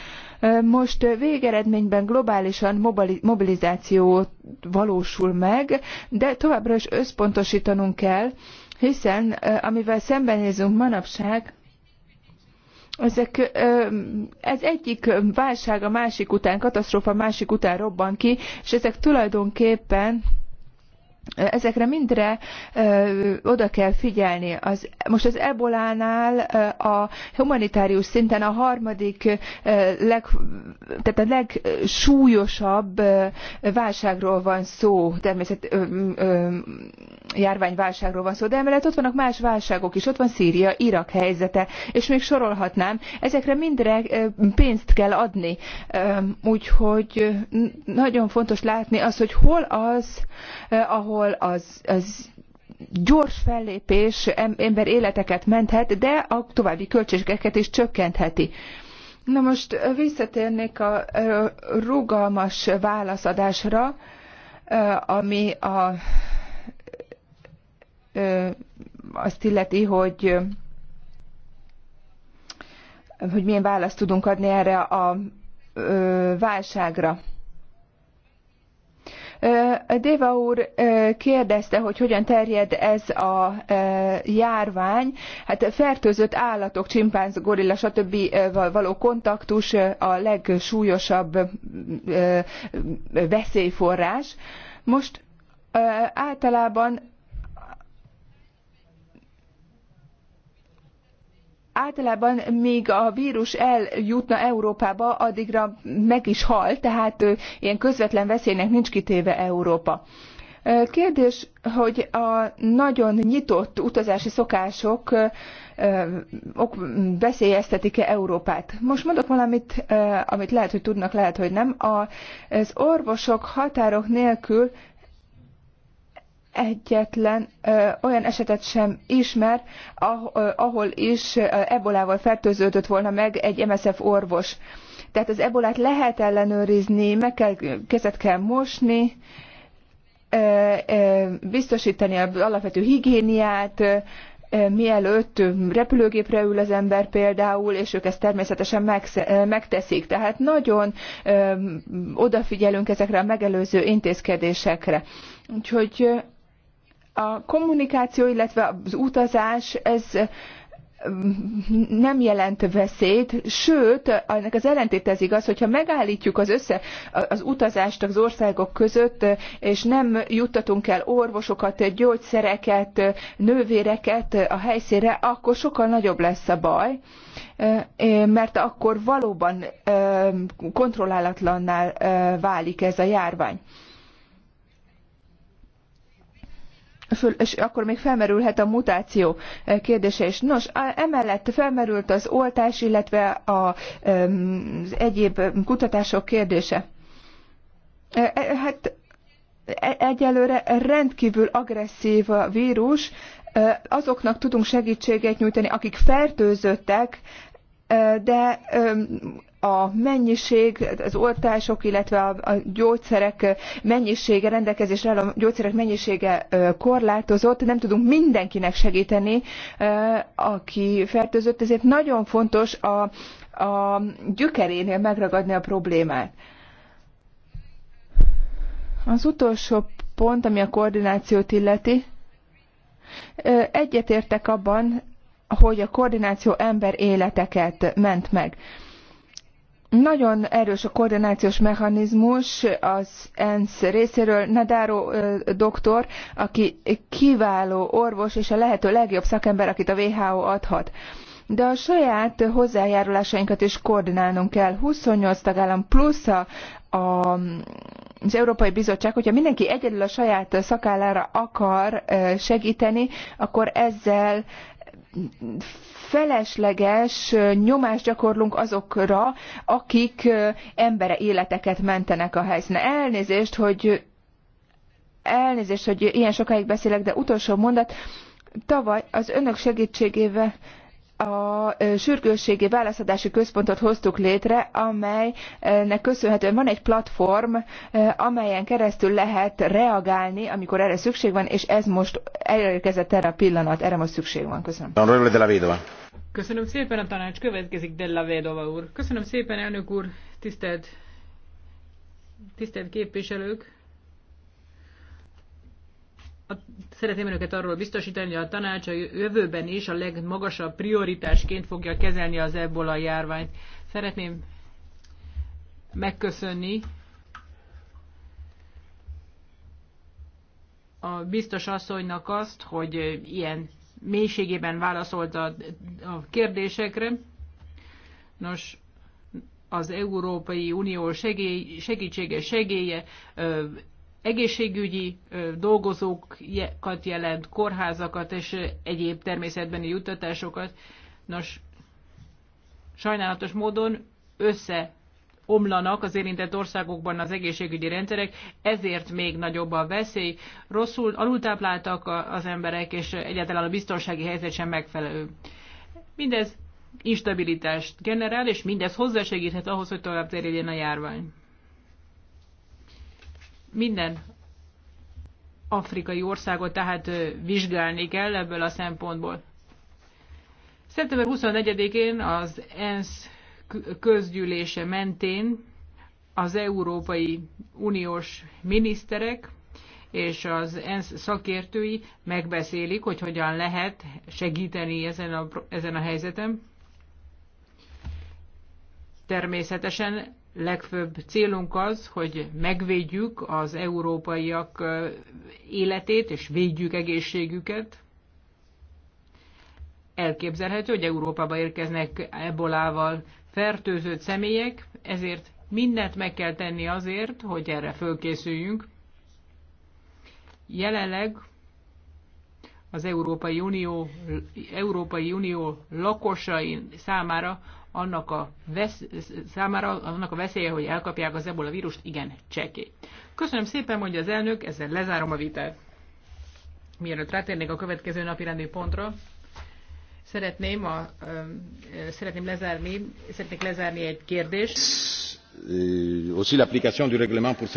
Most végeredményben globálisan mobilizáció valósul meg, de továbbra is összpontosítanunk kell, hiszen amivel szembenézünk manapság, ezek, ez egyik válság a másik után, katasztrófa másik után robban ki, és ezek tulajdonképpen Ezekre mindre ö, oda kell figyelni. Az, most az ebolánál a humanitárius szinten a harmadik, ö, leg, tehát a legsúlyosabb ö, válságról van szó, természet ö, ö, járványválságról van szó, de emellett ott vannak más válságok is, ott van Szíria, Irak helyzete, és még sorolhatnám. Ezekre mindre ö, pénzt kell adni, ö, úgyhogy nagyon fontos látni az, hogy hol az, ahol ahol az, az gyors fellépés ember életeket menthet, de a további költségeket is csökkentheti. Na most visszatérnék a rugalmas válaszadásra, ami a, azt illeti, hogy hogy milyen választ tudunk adni erre a válságra. Déva úr kérdezte, hogy hogyan terjed ez a járvány. Hát fertőzött állatok, csimpánz, gorilla, stb. való kontaktus a legsúlyosabb veszélyforrás. Most általában általában még a vírus eljutna Európába, addigra meg is hal, tehát ilyen közvetlen veszélynek nincs kitéve Európa. Kérdés, hogy a nagyon nyitott utazási szokások veszélyeztetik-e Európát. Most mondok valamit, amit lehet, hogy tudnak, lehet, hogy nem. Az orvosok határok nélkül egyetlen ö, olyan esetet sem ismer, ah, ö, ahol is ebolával fertőződött volna meg egy MSF orvos. Tehát az ebolát lehet ellenőrizni, meg kell, kezet kell mosni, ö, ö, biztosítani az alapvető higiéniát, mielőtt repülőgépre ül az ember például, és ők ezt természetesen megteszik. Tehát nagyon odafigyelünk ezekre a megelőző intézkedésekre. Úgyhogy a kommunikáció, illetve az utazás, ez mm, nem jelent veszélyt, sőt, ennek az ellentét ez igaz, hogyha megállítjuk az össze az utazást az országok között, és nem juttatunk el orvosokat, gyógyszereket, nővéreket a helyszínre, akkor sokkal nagyobb lesz a baj, eh, mert akkor valóban eh, kontrollálatlanná eh, válik ez a járvány. Föl, és akkor még felmerülhet a mutáció eh, kérdése is. Nos, emellett felmerült az oltás, illetve a, az egyéb kutatások kérdése. E, e, hát e, egyelőre rendkívül agresszív a vírus, azoknak tudunk segítséget nyújtani, akik fertőzöttek, de a mennyiség, az oltások, illetve a, gyógyszerek mennyisége, rendelkezésre álló gyógyszerek mennyisége korlátozott, nem tudunk mindenkinek segíteni, aki fertőzött, ezért nagyon fontos a, a gyökerénél megragadni a problémát. Az utolsó pont, ami a koordinációt illeti, egyetértek abban, hogy a koordináció ember életeket ment meg. Nagyon erős a koordinációs mechanizmus az ENSZ részéről. Nadáró doktor, aki kiváló orvos és a lehető legjobb szakember, akit a WHO adhat de a saját hozzájárulásainkat is koordinálnunk kell. 28 tagállam plusz a, a az Európai Bizottság, hogyha mindenki egyedül a saját szakállára akar segíteni, akkor ezzel felesleges nyomást gyakorlunk azokra, akik embere életeket mentenek a helyszínen. Elnézést, hogy elnézést, hogy ilyen sokáig beszélek, de utolsó mondat, tavaly az önök segítségével a sürgősségi válaszadási központot hoztuk létre, amelynek köszönhetően van egy platform, amelyen keresztül lehet reagálni, amikor erre szükség van, és ez most elérkezett erre a pillanat, erre most szükség van. Köszönöm. Köszönöm szépen a tanács, következik Della Vedova úr. Köszönöm szépen, elnök úr, tisztelt, tisztelt képviselők, a, szeretném önöket arról biztosítani, hogy a tanács a jövőben is a legmagasabb prioritásként fogja kezelni az ebola járványt. Szeretném megköszönni a biztos asszonynak azt, hogy ilyen mélységében válaszolt a, a kérdésekre. Nos, az Európai Unió segély, segítsége, segélye egészségügyi dolgozókat jelent, kórházakat és egyéb természetbeni juttatásokat. Nos, sajnálatos módon össze omlanak az érintett országokban az egészségügyi rendszerek, ezért még nagyobb a veszély. Rosszul alultápláltak az emberek, és egyáltalán a biztonsági helyzet sem megfelelő. Mindez instabilitást generál, és mindez hozzásegíthet ahhoz, hogy tovább terjedjen a járvány. Minden afrikai országot tehát vizsgálni kell ebből a szempontból. Szeptember 24-én az ENSZ közgyűlése mentén az Európai Uniós miniszterek és az ENSZ szakértői megbeszélik, hogy hogyan lehet segíteni ezen a, ezen a helyzeten. Természetesen legfőbb célunk az, hogy megvédjük az európaiak életét, és védjük egészségüket. Elképzelhető, hogy Európába érkeznek ebolával fertőzött személyek, ezért mindent meg kell tenni azért, hogy erre fölkészüljünk. Jelenleg az Európai Unió, Európai Unió lakosain számára annak a, vesz, számára, annak a veszélye, hogy elkapják az ebola vírust, igen, csekély. Köszönöm szépen, mondja az elnök, ezzel lezárom a vitát. Mielőtt rátérnék a következő napi rendi pontra, szeretném, a, ö, szeretném lezárni, szeretnék lezárni egy kérdést. Euh, aussi l'application du règlement pour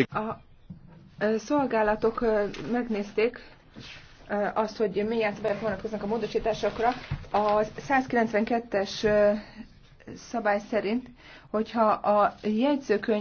A szolgálatok megnézték, azt, hogy milyen szabályok vonatkoznak a módosításokra. A 192-es szabály szerint, hogyha a jegyzőkönyv